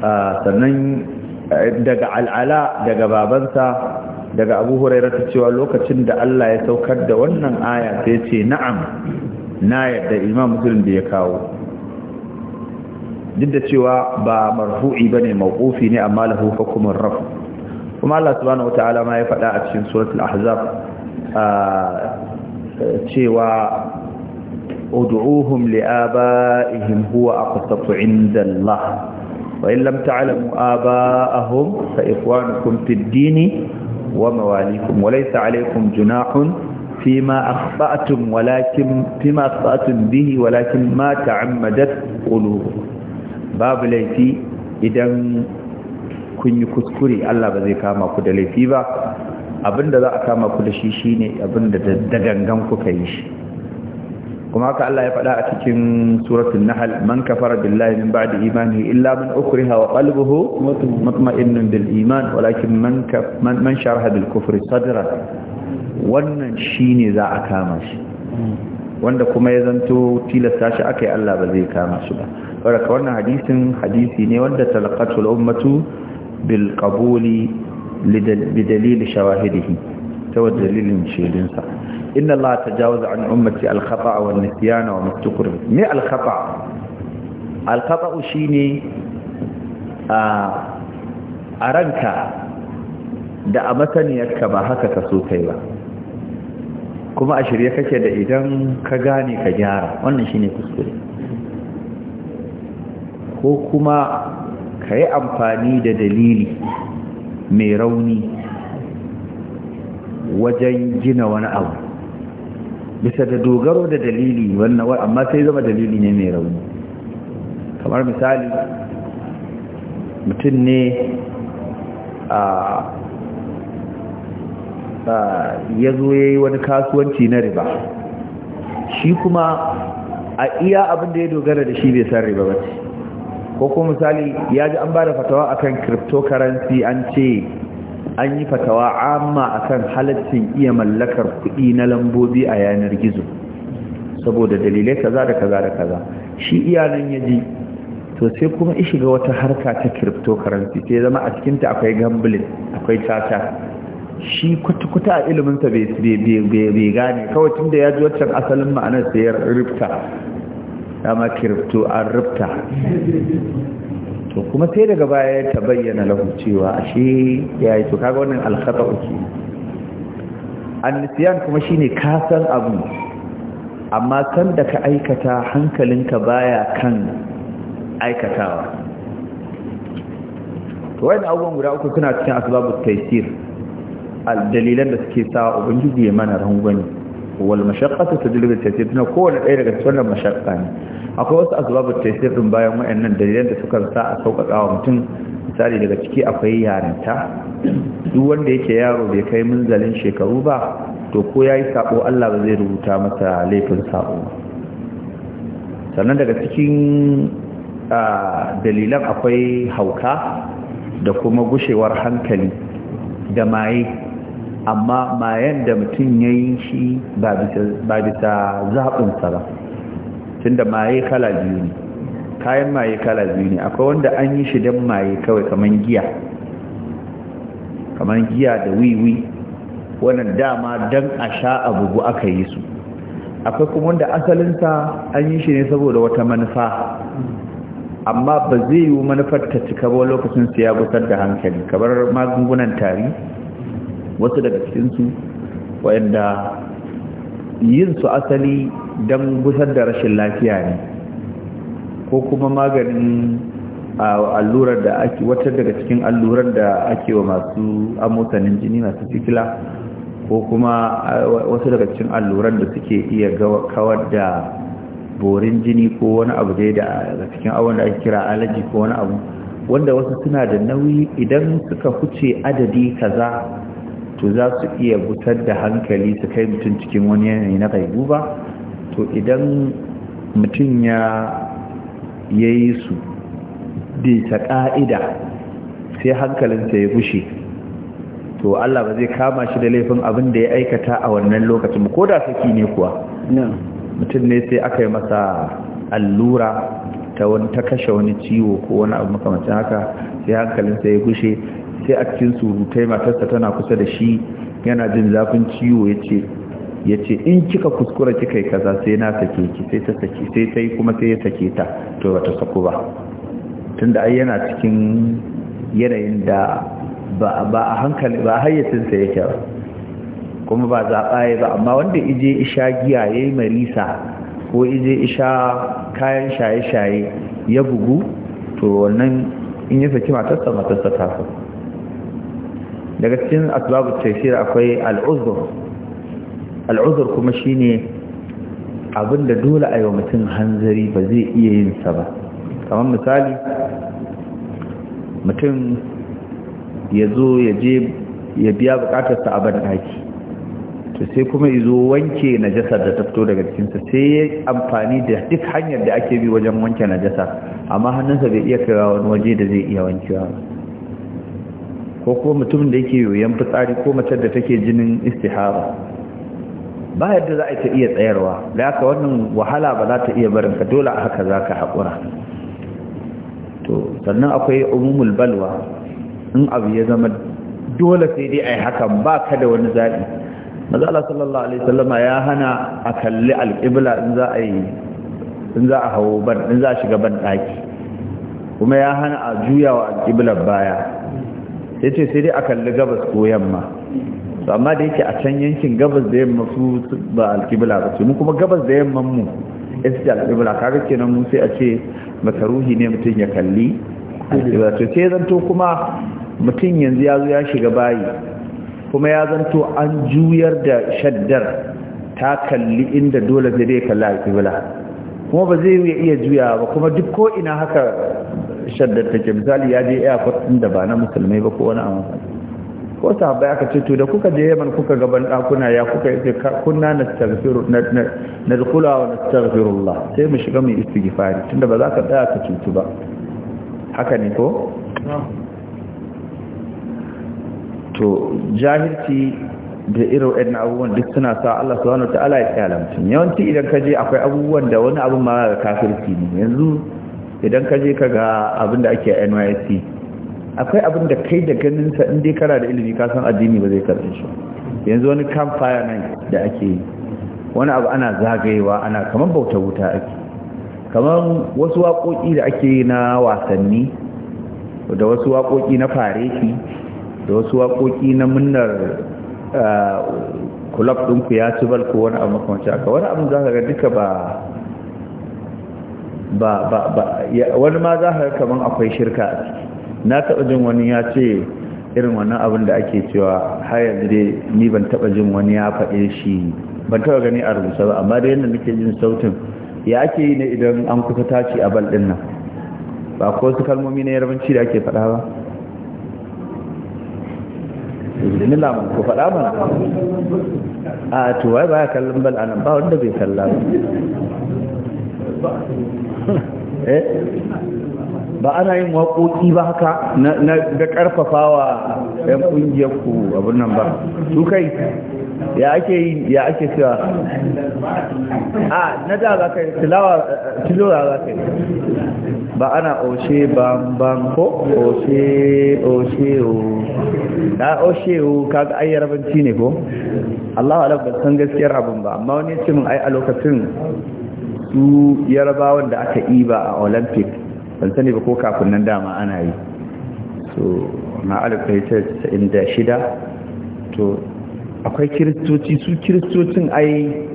ah, sannan daga al'ala daga babansa daga abu huraira ta cewa lokacin da Allah ya saukar da wannan aya sai ce na'am na yadda imam muslim da ya kawo duk da cewa ba marfu'i bane mawqufi ne amma lahu hukumun raf kuma Allah subhanahu wataala ma ya faɗa a cikin suratul ahzab cewa ud'uuhum li'abaihim huwa aqsatu 'inda Allah wa in lam ta'lamu aba'ahum fa ikhwanukum fid dini wa mawalikum wa laysa 'alaykum junahun فيما أخطأتم ولكن فيما أخطأتم به ولكن ما تعمدت قلوبكم babu laifi idan kun yi kuskure Allah ba zai kama ku da laifi ba abinda za a kama ku da shi shine abinda da gangan kuka yi shi kuma haka Allah ya faɗa a cikin suratul nahl man kafara billahi min ba'di imani illa man ukriha wa qalbuhu mutma'innun bil iman walakin man man, man sharaha bil kufri sadra wannan shine za a kama shi wanda kuma ya zanto tilasta shi aka yi Allah ba zai kama su ba wadda wannan hadisin hadisi ne wanda talakatul ummatu bil qabuli bidalil shawahidihi ta wa dalilin shaidinsa inna Allah tajawaza an ummati al khata'a wan nisyana wa mustakur me al khata'a al khata'u shine a ranka da a masaniyarka ba haka ka so kai ba kuma a shirye kake da idan ka gane ka gyara wannan shine kuskure ko kuma ka yi amfani da dalili mai rauni wajen gina wani abu bisa da dogaro da dalili wannan wani, amma sai zama dalili ne mai rauni kamar misali mutum ne a ah, ya zo ya yi wani kasuwanci na riba shi kuma a iya abin da ya dogara da shi bai san riba ba ce ko kuma misali ya ji an ba da fatawa akan cryptocurrency an ce an yi fatawa amma akan halittin iya mallakar kuɗi na lambobi a yanar gizo saboda dalilai kaza da kaza da kaza shi iya nan ya ji to sai kuma shiga wata harka ta cryptocurrency sai zama a cikinta akwai gambling akwai tata shi kuta a iliminsa bai gane kawai tun da ya ji waccan asalin ma'anar sai ya rifta kirifto an rifta to kuma sai daga baya ta bayyana lahu cewa ashe ya yi to kaga wannan alkhata uke annisiyan kuma shi ne kasan abu amma san da ka aikata hankalinka baya kan aikatawa to wani abubuwan guda uku suna cikin asibabu taisir dalilan da suke sa ubangiji ya mana rangwani wal mashaqqatu tadullu taysir ko wani ɗaya daga cikin wannan mashaqqa ne akwai wasu asbabut tasir din bayan wayannan dalilan da suka sa a sauƙaƙa wa mutum misali daga ciki akwai yaranta duk wanda yake yaro bai kai munzalin shekaru ba to ko yayi sako Allah ba zai rubuta masa laifin sako sannan daga cikin dalilan akwai hauka da kuma gushewar hankali da maye amma mayen da mutum ya yi shi ba bisa zaɓinsa ba tun da maye kala biyu ne kayan maye kala biyu ne akwai wanda an yi shi don maye kawai kamar giya kamar giya da wiwi wannan dama don a sha abubu aka yi su akwai kuma wanda asalinsa an yi shi ne saboda wata manufa amma ba zai yi manufar ta cika ba lokacin su ya gusar da hankali kamar magungunan tari wasu daga cikinsu wayanda yin su asali don gusar da rashin lafiya ne ko kuma maganin allurar da ake wata daga cikin allurar da ake wa masu amotanin jini masu fitila, ko kuma wasu daga cikin allurar da suke iya kawar da borin jini ko wani abu dai da cikin awon da ake kira alaji ko wani abu wanda wasu suna da nauyi idan suka huce adadi kaza to za su iya butar da hankali su kai mutum cikin wani yanayi na ba to idan mutum ya yayi su bisa ƙa'ida sai hankalinsa ya gushe to Allah ba zai kama shi da laifin abin da ya aikata a wannan lokacin ko da saki ne kuwa mutum ne sai aka yi masa allura ta ta kashe wani ciwo ko wani abu makamacin haka sai hankalinsa ya gushe sai a cikin surutai matarsa tana kusa da shi yana jin zafin ciwo ya ce in kika kuskura kika yi kaza sai na sake ki sai ta sake sai ta kuma sai ya sake ta to ba ta sako ba tunda ai yana cikin yanayin da ba a hankali ba hayyacinsa yake ba kuma ba zaɓa ya ba amma wanda ije isha giya ya yi marisa ko ije isha kayan shaye-shaye ya bugu to wannan in ya saki matarsa matarsa ta sako daga cikin asbabu tafsir akwai al'uzur al'uzur kuma shine abin da dole a yi wa mutum hanzari ba zai iya yin sa ba kamar misali mutum ya zo ya je ya biya bukatarsa a banɗaki to sai kuma izo wanke najasar da ta daga cikinsa sai ya amfani da duk hanyar da ake bi wajen wanke najasa amma hannunsa bai iya kaiwa wani waje da zai iya wankewa ba ko ko mutumin da yake yoyon fitsari ko mace da take jinin istihara ba yadda za a ta iya tsayarwa da haka wannan wahala ba za ta iya barin ka dole a haka za ka haƙura to sannan akwai umumul balwa in abu ya zama dole sai dai a yi hakan ba ka da wani zaɓi Mas'ala sallallahu alaihi sallama ya hana a kalli alƙibla in za a yi in za a hau ban in za a shiga ban ɗaki kuma ya hana a juyawa alƙiblar baya ya ce sai dai a kalli gabas ko yamma amma da yake a can yankin gabas da yamma su ba alkibla ba ce mu kuma gabas da yamman mu ya ce alkibla kaga kenan mu sai a ce makaruhi ne mutum ya kalli alkibla to sai zanto kuma mutum yanzu ya zo ya shiga bayi kuma ya zanto an juyar da shaddar ta kalli inda dole sai dai kalli alkibla kuma ba zai iya juya ba kuma duk ko ina haka shaddar take misali ya je airport din da ba na musulmai ba ko wani amfani ko sahabbai aka ce to da kuka je Yaman kuka gaban dakuna ya kuka yi kunna na nadkhula wa Allah sai mu shiga mu tun tunda ba za ka tsaya ka cutu ba haka ne ko to jahilci da irin waɗannan abubuwan duk suna sa Allah subhanahu ta'ala ya kyalamta yawanci idan ka je akwai abubuwan da wani abun ma kafirci ne yanzu idan ka je ka ga abin da ake a nysc akwai abin da kai da ganinsa in dai kana da ilimi kasan addini ba zai karfi shi yanzu wani campfire nan da ake yi wani abu ana zagayewa ana kamar bauta wuta ake kamar wasu waƙoƙi da ake yi na wasanni da wasu waƙoƙi na fareti da wasu waƙoƙi na munnar kulab ah, ɗinku ya ci balko wani abu makamacin aka wani abu za ka ga duka ba ba ba ba wani ma za ka kaman akwai shirka na taɓa jin wani ya ce irin wannan abin da ake cewa har yanzu dai ni ban taɓa jin wani ya faɗe shi ban taɓa gani a rubuce ba amma da yadda nake jin sautin ya ake yi ne idan an kusa tashi a bal ɗin nan ba ko su kalmomi na yarbanci da ake faɗa ba izinin lamun ku faɗa mana a tuwai ba ya kallon bal anan ba wanda bai kalla ba Eh? ba ana yin waƙoƙi ba haka da ƙarfafawa 'yan ƙungiyar ku abin nan ba su kai ya ake yi ya ake cewa a na da za ka yi tilawa za ka yi ba ana oshe bambam ko oshe oshe o Da oshe o kaga ai yarabanci ne ko Allahu alam ban san gaskiyar abin ba amma wani ce min ai a lokacin su yarabawan da aka ba a olympic ban sani ba ko kafin nan dama ana yi so na da shida to akwai kiristoci su kiristocin ai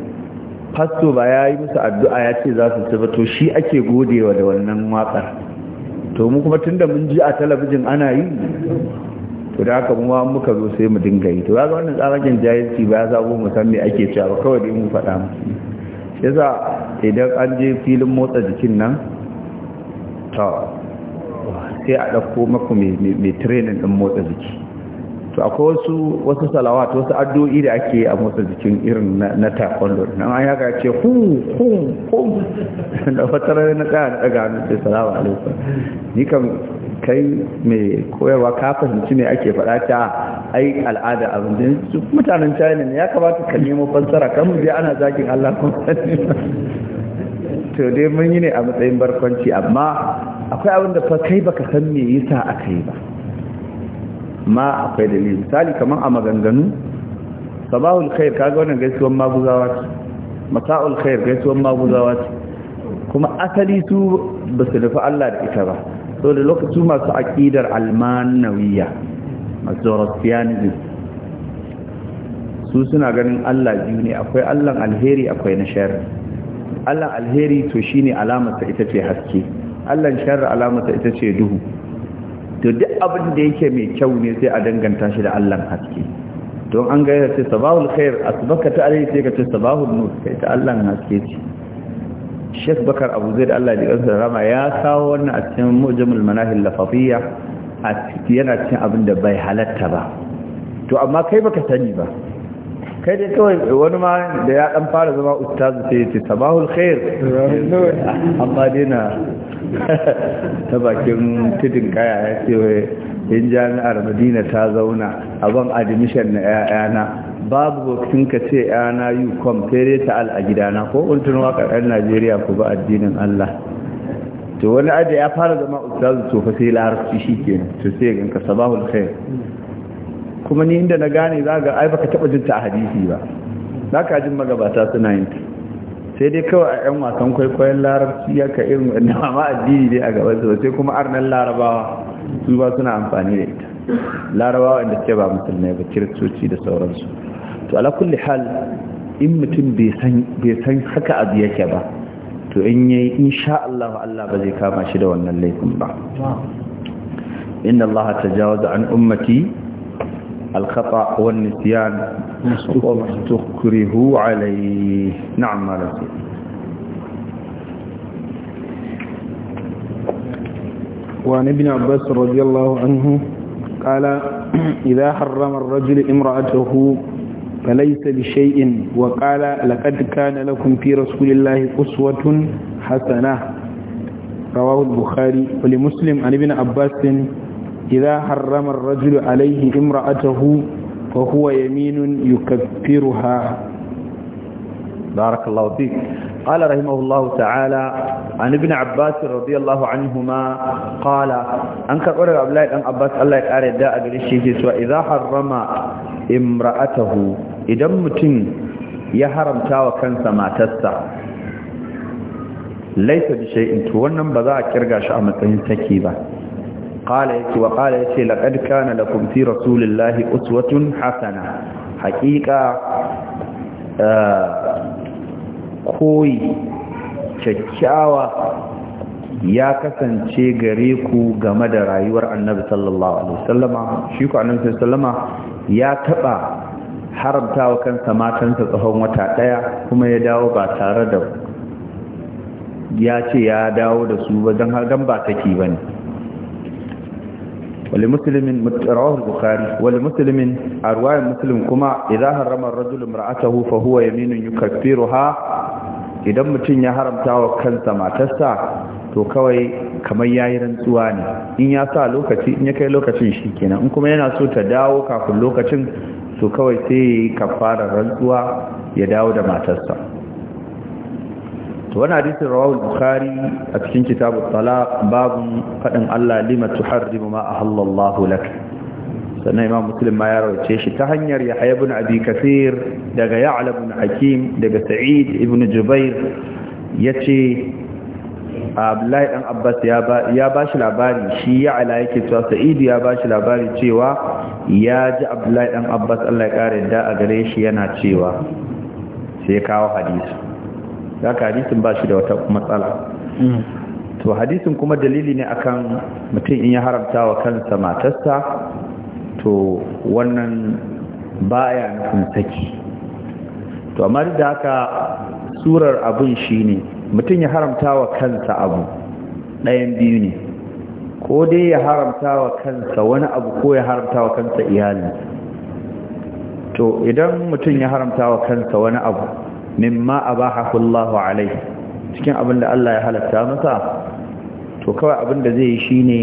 fasto ba ya yi musu addu'a ya ce za su to shi ake godewa da wannan wakar to mu kuma tunda mun ji a talabijin ana yi to da haka muwa muka zo sai mu dinga yi to ga wannan tsabagen jahilci ba ya sabo mu san me ake cewa ba kawai dai mu faɗa musu yasa idan an je filin motsa jikin nan ta sai a ɗauko maku mai trenin ɗin motsa jiki to akwai wasu wasu salawat wasu addu'o'i da ake a motsa jikin irin na taekwondo nan an yaga ce hu hu hu da wata rana na tsaya daga hannun da salawa alaikum ni kan kai mai koyarwa ka fahimci mai ake faɗa ta ai al'ada abin da mutanen china ne ya kamata ka nemo fansara kan mu je ana zagin allah kuma to dai mun yi ne a matsayin barkwanci amma akwai abin da fa kai baka san me yasa aka yi ba ma akwai dalili misali kaman a maganganu sabahul khair kaga wannan gaisuwan maguzawa ce mata'ul khair gaisuwan maguzawa ce kuma asali su ba su nufi Allah da ita ba so da lokacin masu aqidar almanawiya masu zoroastrianism su suna ganin Allah biyu ne akwai Allahn alheri akwai na sharri Allah alheri to shine alamarsa ita ce haske Allah sharri alamarsa ita ce duhu to duk abin da yake mai kyau ne sai a danganta shi da Allah haske don an ga yace sabahul khair asbakata alayhi sai ka ce sabahul nur kai ta Allah haske ce Sheikh Bakar Abu Zaid Allah ya kansa rama ya kawo wannan a cikin Mujamul Manahil a yana cikin abin da bai halatta ba to amma kai baka sani ba kai dai kawai wani ma da ya dan fara zama ustazu sai ce sabahul khair amma dai na ta bakin titin kaya ya ce wai in jami'ar madina ta zauna a ban admission na 'ya'yana babu sun ka ce yana yi fere ta al a gidana ko untun wakar najeriya ku ba addinin allah to wani aji ya fara zama ustazu to fa sai larabci shi ke to sai ganka sabahul khair kuma ni inda na gane za ga ai baka taba jinta a hadisi ba za ka jin magabata suna yin sai dai kawai a 'yan wasan kwaikwayon larabci ya ka irin wadda ma addini dai a gaban su sai kuma arnan larabawa su ba suna amfani da ita larabawa inda ce ba musulmai ba kiristoci da sauransu to ala kulli hal in mutum bai san haka abu yake ba to in yayi insha Allah Allah ba zai kama shi da wannan laifin ba inna Allah tajawaza an ummati الخطأ والنسيان تكره عليه نعم ماذا وعن ابن عباس رضي الله عنه قال إذا حرم الرجل امرأته فليس بشيء وقال لقد كان لكم في رسول الله أسوة حسنة رواه البخاري ولمسلم عن ابن عباس idza harrama ar-rajulu alayhi imra'atahu fa huwa yaminun yukaffiruha barakallahu fik قال رحمه الله تعالى عن ابن عباس رضي الله عنهما قال أنك قرر عبد الله أن عباس الله يقارئ داء قريشي وإذا حرم امرأته إذا متن يحرم تاوى كنسا ما تسا ليس بشيء تونم بذا كرقاش أمتين سكيبا qala yace wa qala yace laqad kana lakum fi rasulillahi uswatun hasana haqiqa eh, koyi kyakkyawa ya kasance gare ku game da rayuwar annabi sallallahu alaihi wasallama shi ku annabi sallallahu alaihi wasallama ya taba haramta kansa matansa tsawon wata daya kuma ya dawo ba tare da ya ce ya dawo da su ba don ba take bane ولمسلم رواه البخاري ولمسلم أرواي مسلم كما إذا هرم الرجل امرأته فهو يمين يكفرها إذا متين يهرم تاو كنسا kansa matarsa to kawai kamar yayi rantsuwa ne in ya sa lokaci in ya kai lokacin shi kenan in kuma yana so ta dawo kafin lokacin to kawai sai kafarar rantsuwa ya dawo da matarsa to wani hadisin rawawul bukari a cikin kitabun tala babun fadin Allah lima tuharrimu ma ahallallahu lak sannan imam muslim ma ya rauce shi ta hanyar yahya ibn abi kathir daga ya'la ibn hakim daga sa'id ibn jubair yace abdullahi dan abbas ya ba shi labari shi ya yake cewa sa'idu ya ba shi labari cewa ya ji abdullahi dan abbas allah ya kare da a gare shi yana cewa sai kawo hadisi da ka hadisin ba shi da wata matsala hmm. to hadisin kuma dalili ne akan mutum in ya haramta wa kansa matarsa to wannan baya nufin saki to amma da haka surar abin ne, mutum ya haramta wa kansa abu ɗayan biyu ne ko dai ya haramta wa kansa wani abu ko ya haramta wa kansa iyali to idan mutum ya haramta wa kansa wani abu mimma abahahu Allahu alaihi cikin abin da Allah ya halatta masa to kawai abin da zai yi shine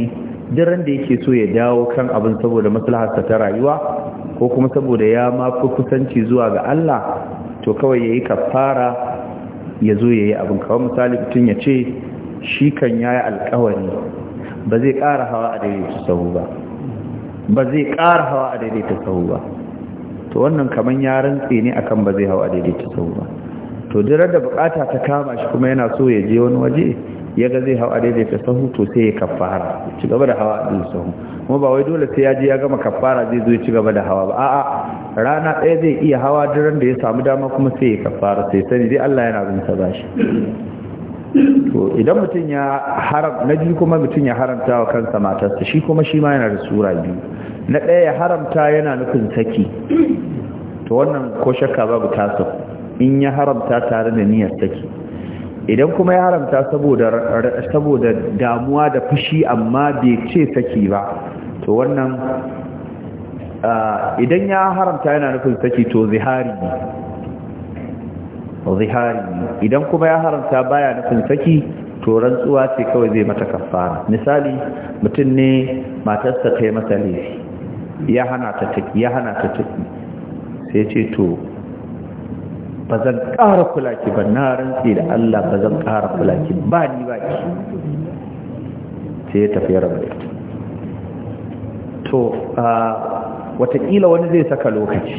duk da yake so ya dawo kan abin saboda maslaharsa ta rayuwa ko kuma saboda ya ma fi kusanci zuwa ga Allah to kawai yayi kafara ya zo yayi abin kawai misali mutum ya ce shi kan yayi alƙawari ba zai ƙara hawa a daidaita sahu ba ba zai ƙara hawa a daidaita sahu ba to wannan kaman ya rantse ne akan ba zai hau a ta sau ba to jirar da bukata ta kama shi kuma yana so ya je wani waje ya ga zai hau a ta sahu to sai ya kafara ci gaba da hawa a sahu kuma ba wai dole sai ya je ya gama kafara zai zo ya ci gaba da hawa ba a'a rana ɗaya zai iya hawa daren da ya samu dama kuma sai ya kafara sai sani dai Allah yana bin sa shi. to idan mutum ya haram na kuma mutum ya haramta wa kansa matarsa shi kuma shi ma yana da sura biyu na ɗaya ya haramta yana nufin saki to wannan ko shakka babu tasa in ya haramta tare da niyyar saki idan kuma ya haramta saboda saboda damuwa da fushi amma bai ce saki ba to wannan ah, idan ya haramta yana nufin saki to zihari zihari idan kuma ya haramta baya nufin saki to rantsuwa ce kawai zai mata kafara misali mutum ne matarsa ta yi masa laifi ya hana ta tafi. ya hana ta tafi sai ce to ba zan ƙara kula ki ba na rantsi da Allah ba zan ƙara kula ki ba ni ba ki sai ya tafi rabu da to watakila wani zai saka lokaci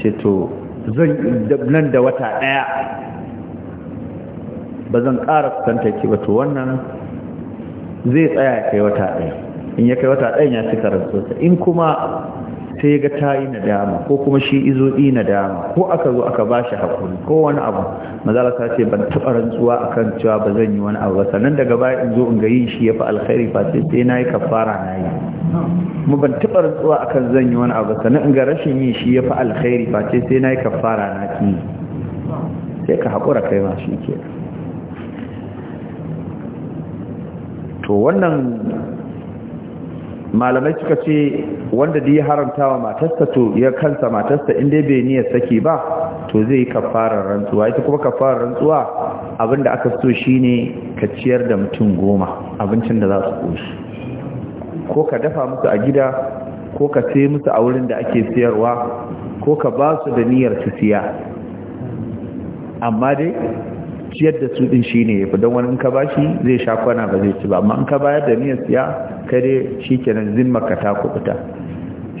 ce to zan nan da wata ɗaya ba zan ƙara kusanta ki ba to wannan zai tsaya kai wata ɗaya in ya kai wata ɗayan ya cika rantsu, in kuma sai ya ga ta yi nadama ko kuma shi izo ɗi nadama ko aka zo aka ba shi haƙuri ko wani abu mazala ta ce ban taɓa rantsuwa a kan cewa ba zan yi wani abu ba sannan daga baya in zo in ga yin shi ya fi alkhairi ba sai sai na yi kafara na yi kuma ban taɓa rantsuwa a kan zan yi wani abu ba sannan in ga rashin yin shi ya fi alkhairi ba sai sai na yi kafara na ki sai ka haƙura kai ma shi ke to wannan malamai suka ce wanda da ya haramta wa matarsa to ya kansa matarsa inda bai niyyar saki ba to zai yi kafarar rantsuwa ita kuma kafarar rantsuwa abinda aka so shine ka ciyar da mutum goma abincin da za su koshi ko ka dafa musu a gida ko ka sai musu a wurin da ake siyarwa ko ka ba su da niyyar su amma dai ciyar da su din shine fi don wani in ka bashi zai sha kwana ba zai ci ba amma in ka bayar da niyar siya kare kenan zimma makata ku fita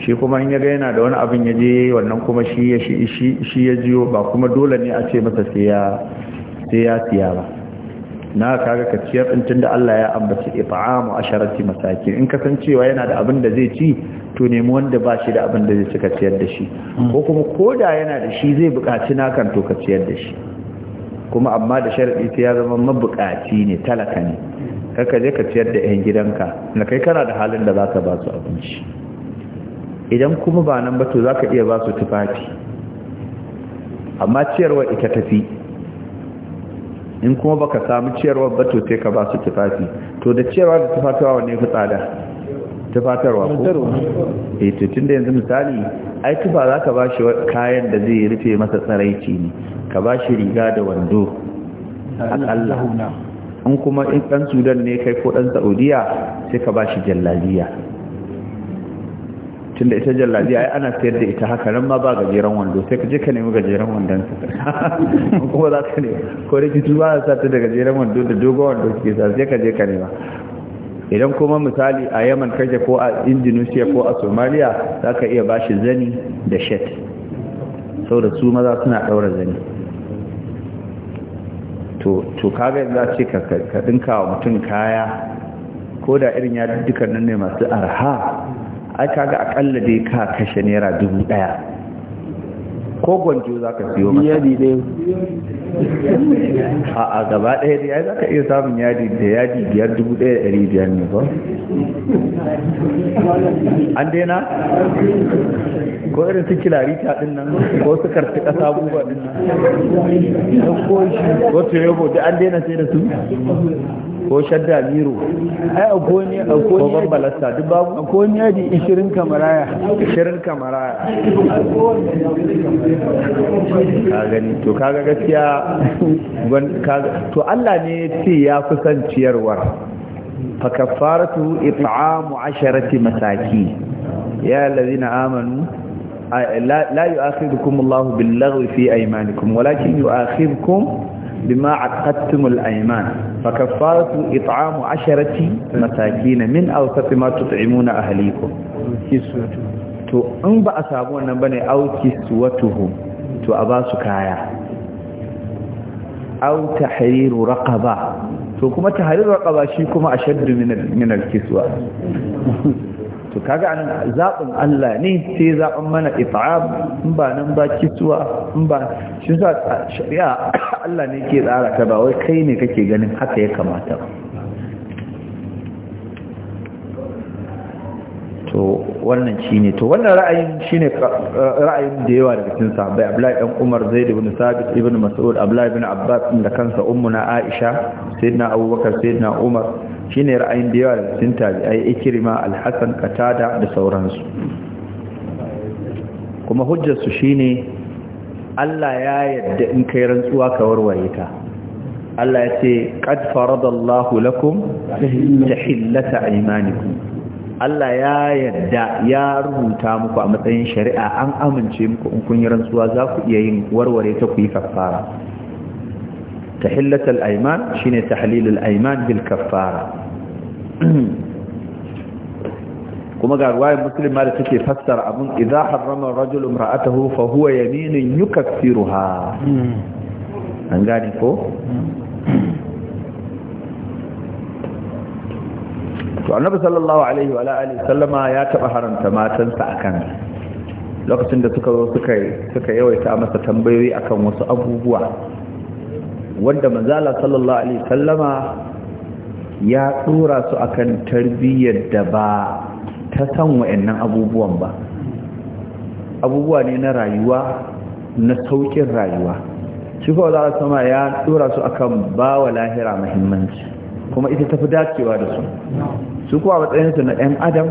shi kuma in yaga yana da wani abin ya je wannan kuma shi ya jiyo ba kuma dole ne a ce masa sai ya siya ba na kaga ka ciyar din tunda Allah ya ambaci ifa'amu asharati masaki in ka san cewa yana da abin da zai ci to nemi wanda ba shi da abin da zai cika ciyar da shi hmm. ko kuma koda yana da shi zai bukaci nakan to ka ciyar da shi kuma amma da sharadi ta ya zama mabukaci ne talaka ne kaka je ka ciyar da yan gidanka na kai kana da halin da ka ba su abinci idan kuma ba nan ba to ka iya ba su tufafi amma ciyarwa ita tafi in kuma ka samu ciyarwa ba to sai ka ba su tufafi to da ciyarwa da wa wanne fi tsada tufatarwa ko eh to tunda yanzu misali ai tufa ka bashi kayan da zai rufe masa tsaraici ne ka bashi riga da wando akalla in kuma in dan Sudan ne kai ko dan Saudiya sai ka bashi jallabiya tunda ita jallabiya ai ana sayar da ita haka nan ma ba gajeren wando sai ka je ka nemi gajeren wandon sa kuma za ka ne ko da kitu ba sa ta da gajeren wando da dogon wando ke sa sai ka je ka nema idan kuma misali a yaman kake ko a indonesia ko a somalia za ka iya ba shi zani da shet saboda su maza suna ɗaura zani to kaga za ce ka ɗinka wa mutum kaya ko da irin ya dukkanin ne masu arha ai kaga akalla dai ka kashe naira dubu ɗaya ko gwanjo za ka siyo masa yadi a a gaba ɗaya da ya za ka iya samun yadi da yadi biyar dubu ɗaya ɗari biyar ne ba an daina ko irin su kilarita din nan ko su karfi kasa abubuwa din nan ko shi ko toyobo da an daina sai da su ko shadda miro ai akwai ne akwai ne babban balasta duk babu akwai ne yaji 20 kamaraya 20 kamaraya ka gani to kaga gaskiya to Allah ne ya ce ya fi son ciyarwar fa kafaratu it'amu 10 masaki ya allazina amanu la yu'akhidukum Allahu bil-laghwi fi aymanikum walakin yu'akhidukum bima aqadtumul ayman fakaffaratu it'amu 10 masakin min awsat ma tut'imuna ahlikum to in ba a samu wannan bane auki suwatuhum to a ba su kaya aw tahriru raqaba to kuma shi kuma ashaddu min al to kaga anan zaɓin Allah ne sai zaɓin mana ifa'ab in ba nan ba kisuwa in ba shi sa shari'a Allah ne ke tsara ta ba wai kai ne kake ganin haka ya kamata to wannan ne to wannan ra'ayin ne uh, ra'ayin da yawa daga cikin sahabbai Abdullahi dan Umar Zaid ibn Sabit ibn Mas'ud Abdullahi ibn Abbas da kansa ummuna Aisha sayyidina Abubakar sayyidina Umar shine ra'ayin da yawa da cikin tabi'ai ikrima al-hasan katada da sauransu kuma hujjar su shine Allah ya yadda in kai rantsuwa ka warware ta Allah ya ce qad faradallahu lakum tahillata aymanikum Allah ya yadda ya rubuta muku a matsayin shari'a an amince muku in kun yi rantsuwa za ku iya yin warware ta ku yi kafara tahillatul ayman shine tahlilul ayman bil kaffara kuma ga ruwayar muslim ma da take fassara abun idza harrama rajul imra'atahu fa huwa yaminun yukaffiruha an gane ko to annabi sallallahu alaihi wa alihi sallama ya taba haranta matansa akan lokacin da suka zo suka suka yawaita masa tambayoyi akan wasu abubuwa wanda manzala sallallahu alaihi sallama ya dora su akan tarbiyyar da ba ta san wa'annan abubuwan ba abubuwa ne na rayuwa na saukin rayuwa shi kawai za sama ya dora su akan ba wa lahira muhimmanci kuma ita tafi dacewa da su su kuwa matsayinsu na 'yan adam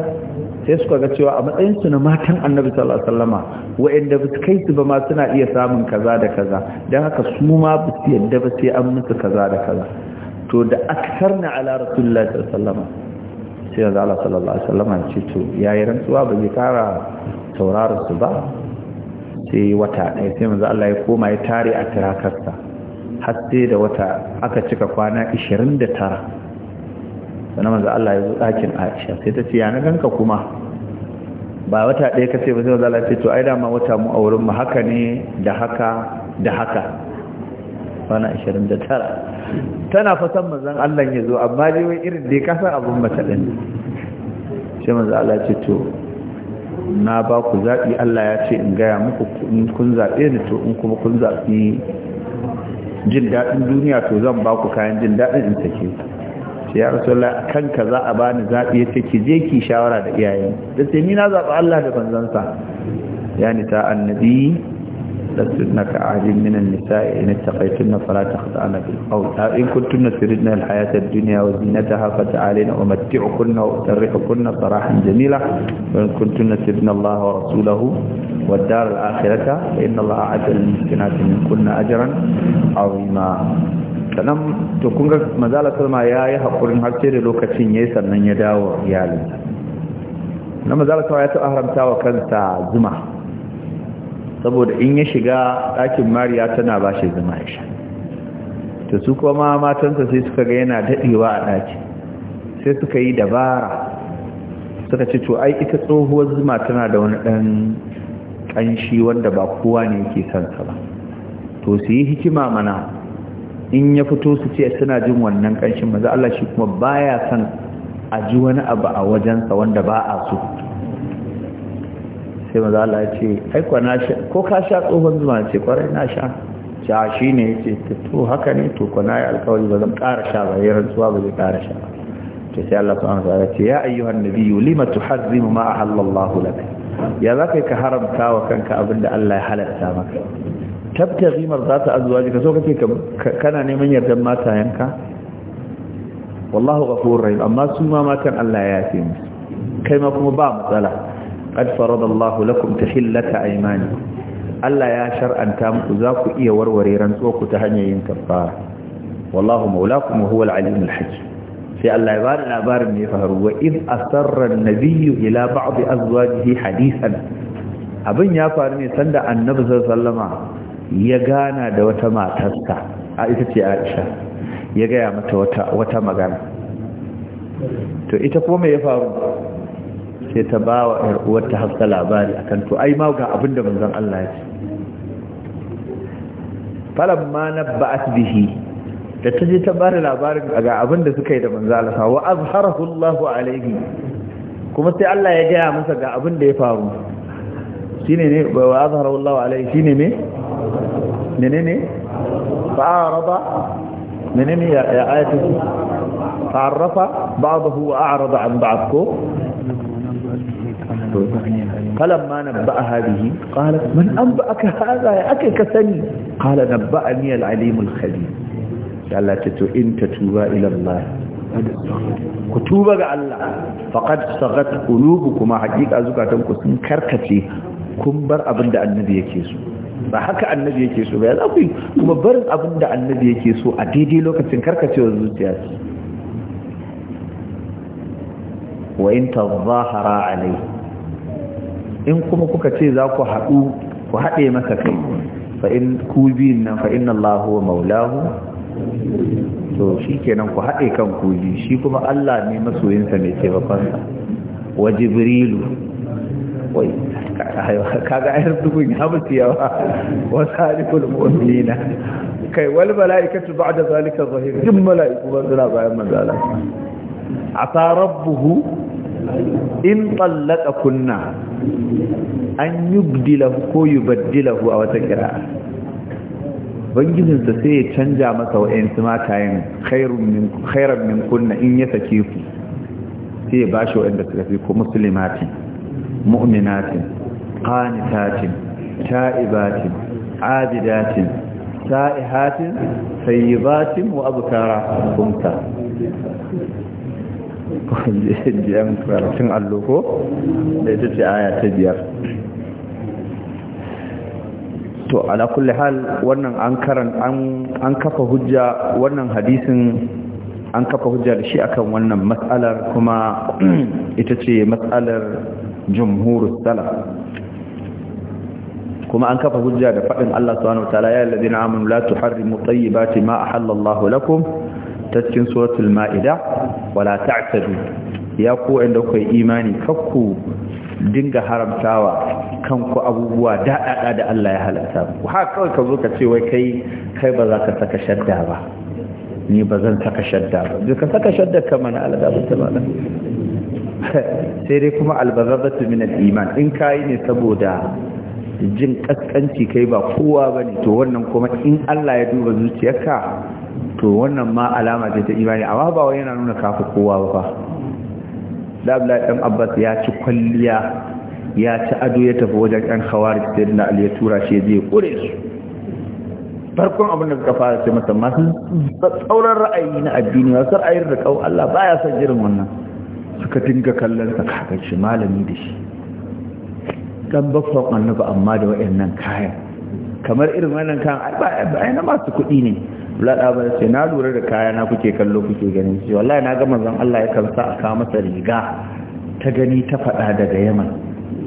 sai suka ga cewa a matsayinsu na matan annabi sallallahu alaihi wasallama wa'anda ba su kai su ba ma suna iya samun kaza da kaza dan haka su ma ba su yadda ba sai an musu kaza da kaza to da aksarna ala rasulullahi sallallahu alaihi wasallama sai yanzu Allah sallallahu alaihi wasallama ya ce to yayi rantsuwa ba zai kara sauraron su ba sai wata ɗaya sai manzo Allah ya koma ya tare a tirakarsa har sai da wata aka cika kwana 29 sana manzo Allah ya zo dakin Aisha sai ta ce ya na ganka kuma ba wata ɗaya kace ba sai manzo Allah ce to ai da ma wata mu auren mu haka ne da haka da haka kwana 29 tana fatan manzon Allah ya zo amma dai wai irin dai san abun mata din sai manzo Allah ce to na ba ku zaɓi Allah ya ce in gaya muku in kun zaɓe ni to in kuma kun zaɓi jin daɗin duniya to zan ba ku kayan jin daɗin in take ku ya rasulullah kan ka za a bani zaɓi ya ce ki je ki shawara da iyayen da sai ni na zaɓi Allah da banzansa ya ni ta annabi lastunaka ahadin min an-nisa'i in ittaqaytunna fala takhda'na bil qawl in kuntunna turidna al-hayata ad-dunya wa zinataha fata'alina umatti'ukunna wa utarrihukunna sarahan jamila wa in kuntunna turidna Allah wa rasulahu wad-dar al-akhirata fa inna Allah a'adda lil-muhsinati minkunna ajran 'azima sannan to kun ga mazala salma ya yi haƙurin har sai da lokacin ya yi sannan ya dawo iyalinsa na mazala Salma ya taɓa haramta wa kansa zuma saboda in ya shiga ɗakin mariya tana ba shi zuma ya sha to su kuma matansa sai suka ga yana daɗewa a ɗaki sai suka yi dabara suka ce to ai ita tsohuwar zuma tana da wani ɗan ƙanshi wanda ba kowa ne yake sansa ba to su yi hikima mana in ya fito su ce suna jin wannan ƙanshin maza Allah shi kuma baya san a ji wani abu a wajensa wanda ba a so sai maza Allah ya ce aikwa na sha ko ka sha tsohon zuma ce kwarai na sha sha shi ne ya ce to haka ne to na yi alkawari ba zan ƙara sha ba ya rantsuwa ba zai ƙara sha ba to sai Allah subhanahu wa ta'ala ce ya ayyuhan nabiyyu lima tuharrimu ma ahallallahu lak ya zaka ka haramta wa kanka abin da Allah ya halatta maka tabtaghi marzata azwajika so kake kana neman yardan yanka? wallahu ghafurur rahim amma su ma matan Allah ya yafe musu kai ma kuma ba matsala qad faradallahu lakum tahillata aymanikum Allah ya shar'anta muku za ku iya warware rantsuwa ku ta hanyar yin kafara wallahu maulakum wa huwal alimul hakim sai Allah ya ba da labarin ne faru wa iz asarra an-nabiyyu ila ba'd azwajihi hadisan abin ya faru ne sanda annabi sallallahu alaihi ya gana da wata matarsa a ita ce aisha ya gaya mata wata magana to ita kuma ya faru sai ta ba wa ta hafsa labari akan to ai ma ga abinda manzan Allah ya ce falamma nabba'at bihi da ta je ta ba da labarin ga abinda suka yi da manzan Allah wa azharahu Allah alaihi kuma sai Allah ya gaya masa ga abinda ya faru shine ne wa azharahu Allah alaihi shine me menene fa'arada menene ya ayatu ta'arrafa ba'dahu a'rada an ba'd فلما نبأها به قالت من أنبأك هذا يا أكي كثني قال نبأني العليم الخليل قال لا إن تتوبا إلى الله كتوبا الله فقد صغت قلوبكما حقيقة زكاة تنكسن كركتي كنبر أبند النبي يكيسو ba haka annabi yake so ba ya za ku yi kuma barin abin da annabi yake so a daidai lokacin karkacewa zuciya su wa in tazahara alai in kuma kuka ce za ku haɗu ku haɗe masa kai fa in ku biyun nan fa inna Allah wa maulahu to shikenan ku haɗe kan ku ji shi kuma Allah ne masoyinsa mai taimakonsa wa jibrilu wai kaga ayar dubin ya mutu yawa wa salihul mu'minina kai wal mala'ikatu ba'da zalika zahir din mala'iku ba suna bayan manzala asa rabbuhu in tallaka kunna an yubdilahu ko yubaddilahu a wata kira'a bangijinsa sai ya canja masa mata yin khairan min kunna in ya sake ku sai ya bashi wa'yanda suka fi ku musulmatin mu'minatin قانتات تائبات عابدات سائحات سيبات وأبكار قمت jiyan karatun allo ko ita ce ta biyar to ala kulli hal wannan an karan an kafa hujja wannan hadisin an kafa hujja da shi akan wannan matsalar kuma ita ce matsalar jumhurus salaf kuma an kafa hujja da faɗin Allah subhanahu wataala ya alladhina amanu la tuharrimu tayyibati ma ahallallahu lakum ta cikin suratul ma'ida wala ta'tadu ya ku inda ku yi imani kakku dinga haramtawa kanku abubuwa daɗaɗa da Allah ya halatta ku ha kawai ka zo ka ce wai kai kai ba za ka saka shadda ba ni ba zan saka shadda ba duk ka saka shadda kamar al'ada ta ba sai dai kuma albazazatu min al-iman in kai ne saboda jin kaskanci kai ba kowa ba ne to wannan kuma in Allah ya duba zuciyarka to wannan ma alama ce ta imani amma ba yana nuna kafa kowa ba fa da Abdullahi Abbas ya ci kwalliya ya ci ado ya tafi wajen ɗan hawa da Allah Ali ya tura shi je kure su farkon abin da suka fara ce masa masu tsauran ra'ayi na addini wasu ra'ayin da kawo Allah baya son irin wannan suka dinga kallon sa kakan shi malami da shi dan baffan annabi amma da wayannan kayan kamar irin wannan kan ai na masu kuɗi ne da ba sai na lura da kaya na kuke kallo kuke ganin shi wallahi na ga manzon Allah ya kansa aka masa riga ta gani ta faɗa daga Yaman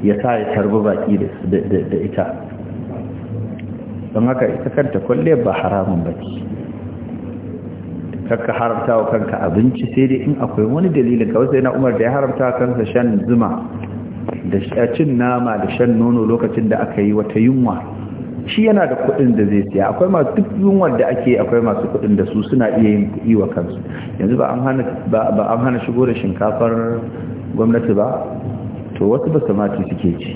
ya sa ya tarbi baki da ita don haka ita kanta kulle ba haramun baki kakka haramta wa kanka abinci sai dai in akwai wani dalilin kawai sai na umar da ya haramta kansa shan zuma da eh, cin nama da shan nono lokacin da aka yi wata yunwa shi yana da kuɗin da zai siya akwai masu duk yunwar da ake akwai masu kuɗin da su suna iya yin kuɗi wa kansu yanzu ba an hana shigo da shinkafar gwamnati ba to wasu ba samati suke ci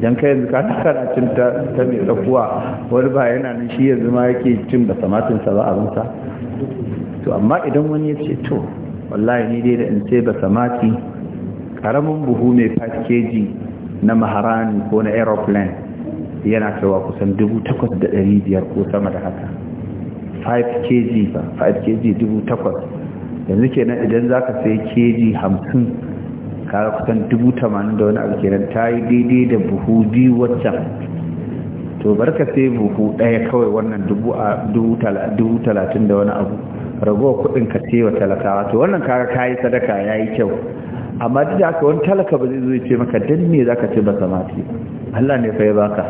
don kayan yanzu ka karacin ta mai tsakuwa wani ba yana nan shi yanzu ma yake cin ba samatinsa ba abinsa to amma idan wani ya ce to wallahi ni dai da in ce ba samati karamin buhu mai fakeji na maharani ko na aeroplane yana kaiwa kusan 8,500 ko sama da haka 5 kg ba 5 kg 8,000 yanzu ke nan idan za ka sai kg 50 kara kusan 80,000 da wani abu kenan ta yi daidai da buhu biyu waccan to bar ka sai buhu ɗaya kawai wannan 30,000 da wani abu ragowa kudin ka ce wa talakawa to wannan kaga yi sadaka ya yi kyau amma duk da aka wani talaka ba zai zo ce maka dan ne ka ce ba samati Allah ne fa ya baka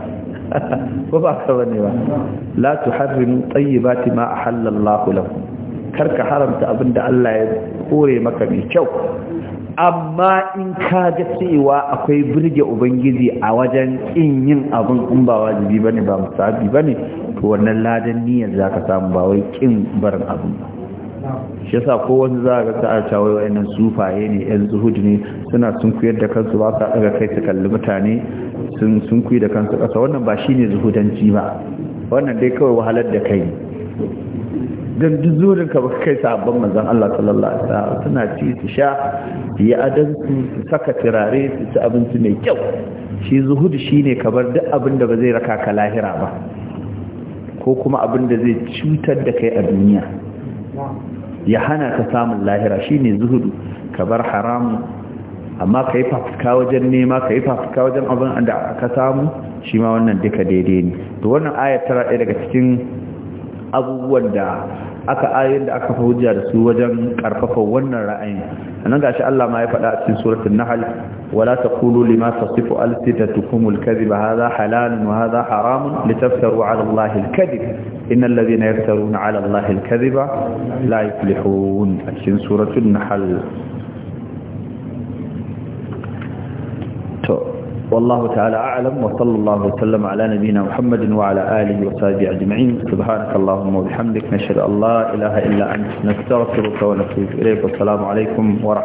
ko ba ka bane ba la tuharrimu tayyibati ma ahalla Allah lakum ka haramta da Allah ya kore maka mai kyau amma in ka ga cewa akwai birge ubangiji a wajen in yin abin in ba wajibi bane ba musabi bane to wannan ladan niyyar zaka samu ba wai kin barin abin ba shi yasa ko wani za ga ta arta wai wayannan sufaye ne yan zuhud ne suna sun kuyar da kansu ba sa daga kai su kalli mutane sun sun kuyi da kansu kasa wannan ba shine zuhudanci ba wannan dai kawai wahalar da kai dan duk zurin ka baka kai sahabban manzon Allah sallallahu alaihi wasallam suna ci su sha yi adan su saka turare su ci abinci mai kyau shi zuhud shine ne bar duk abin da ba zai raka ka lahira ba ko kuma abin da zai cutar da kai a duniya ya hana ta samun lahira shine zuhudu ka bar haramu amma ka yi fafuka wajen nema ka yi fafuka wajen abin da ka samu shi ma wannan duka daidai ne to wannan ayat tara ɗaya daga cikin abubuwan da aka ayoyin da aka fi hujja da su wajen karfafa wannan ra'ayin anan gashi Allah ma ya faɗa a cikin suratul nahl wala taqulu lima tasifu alsinatukum alkadhib hadha halalun wa hadha haramun litaftaru ala allahi alkadhib innal ladhina yaftaruna ala allahi alkadhiba la yuflihun a cikin suratul nahl والله تعالى أعلم وصلى الله وسلم على نبينا محمد وعلى آله وصحبه أجمعين سبحانك اللهم وبحمدك نشهد أن لا إله إلا أنت نستغفرك ونتوب إليك والسلام عليكم ورحمة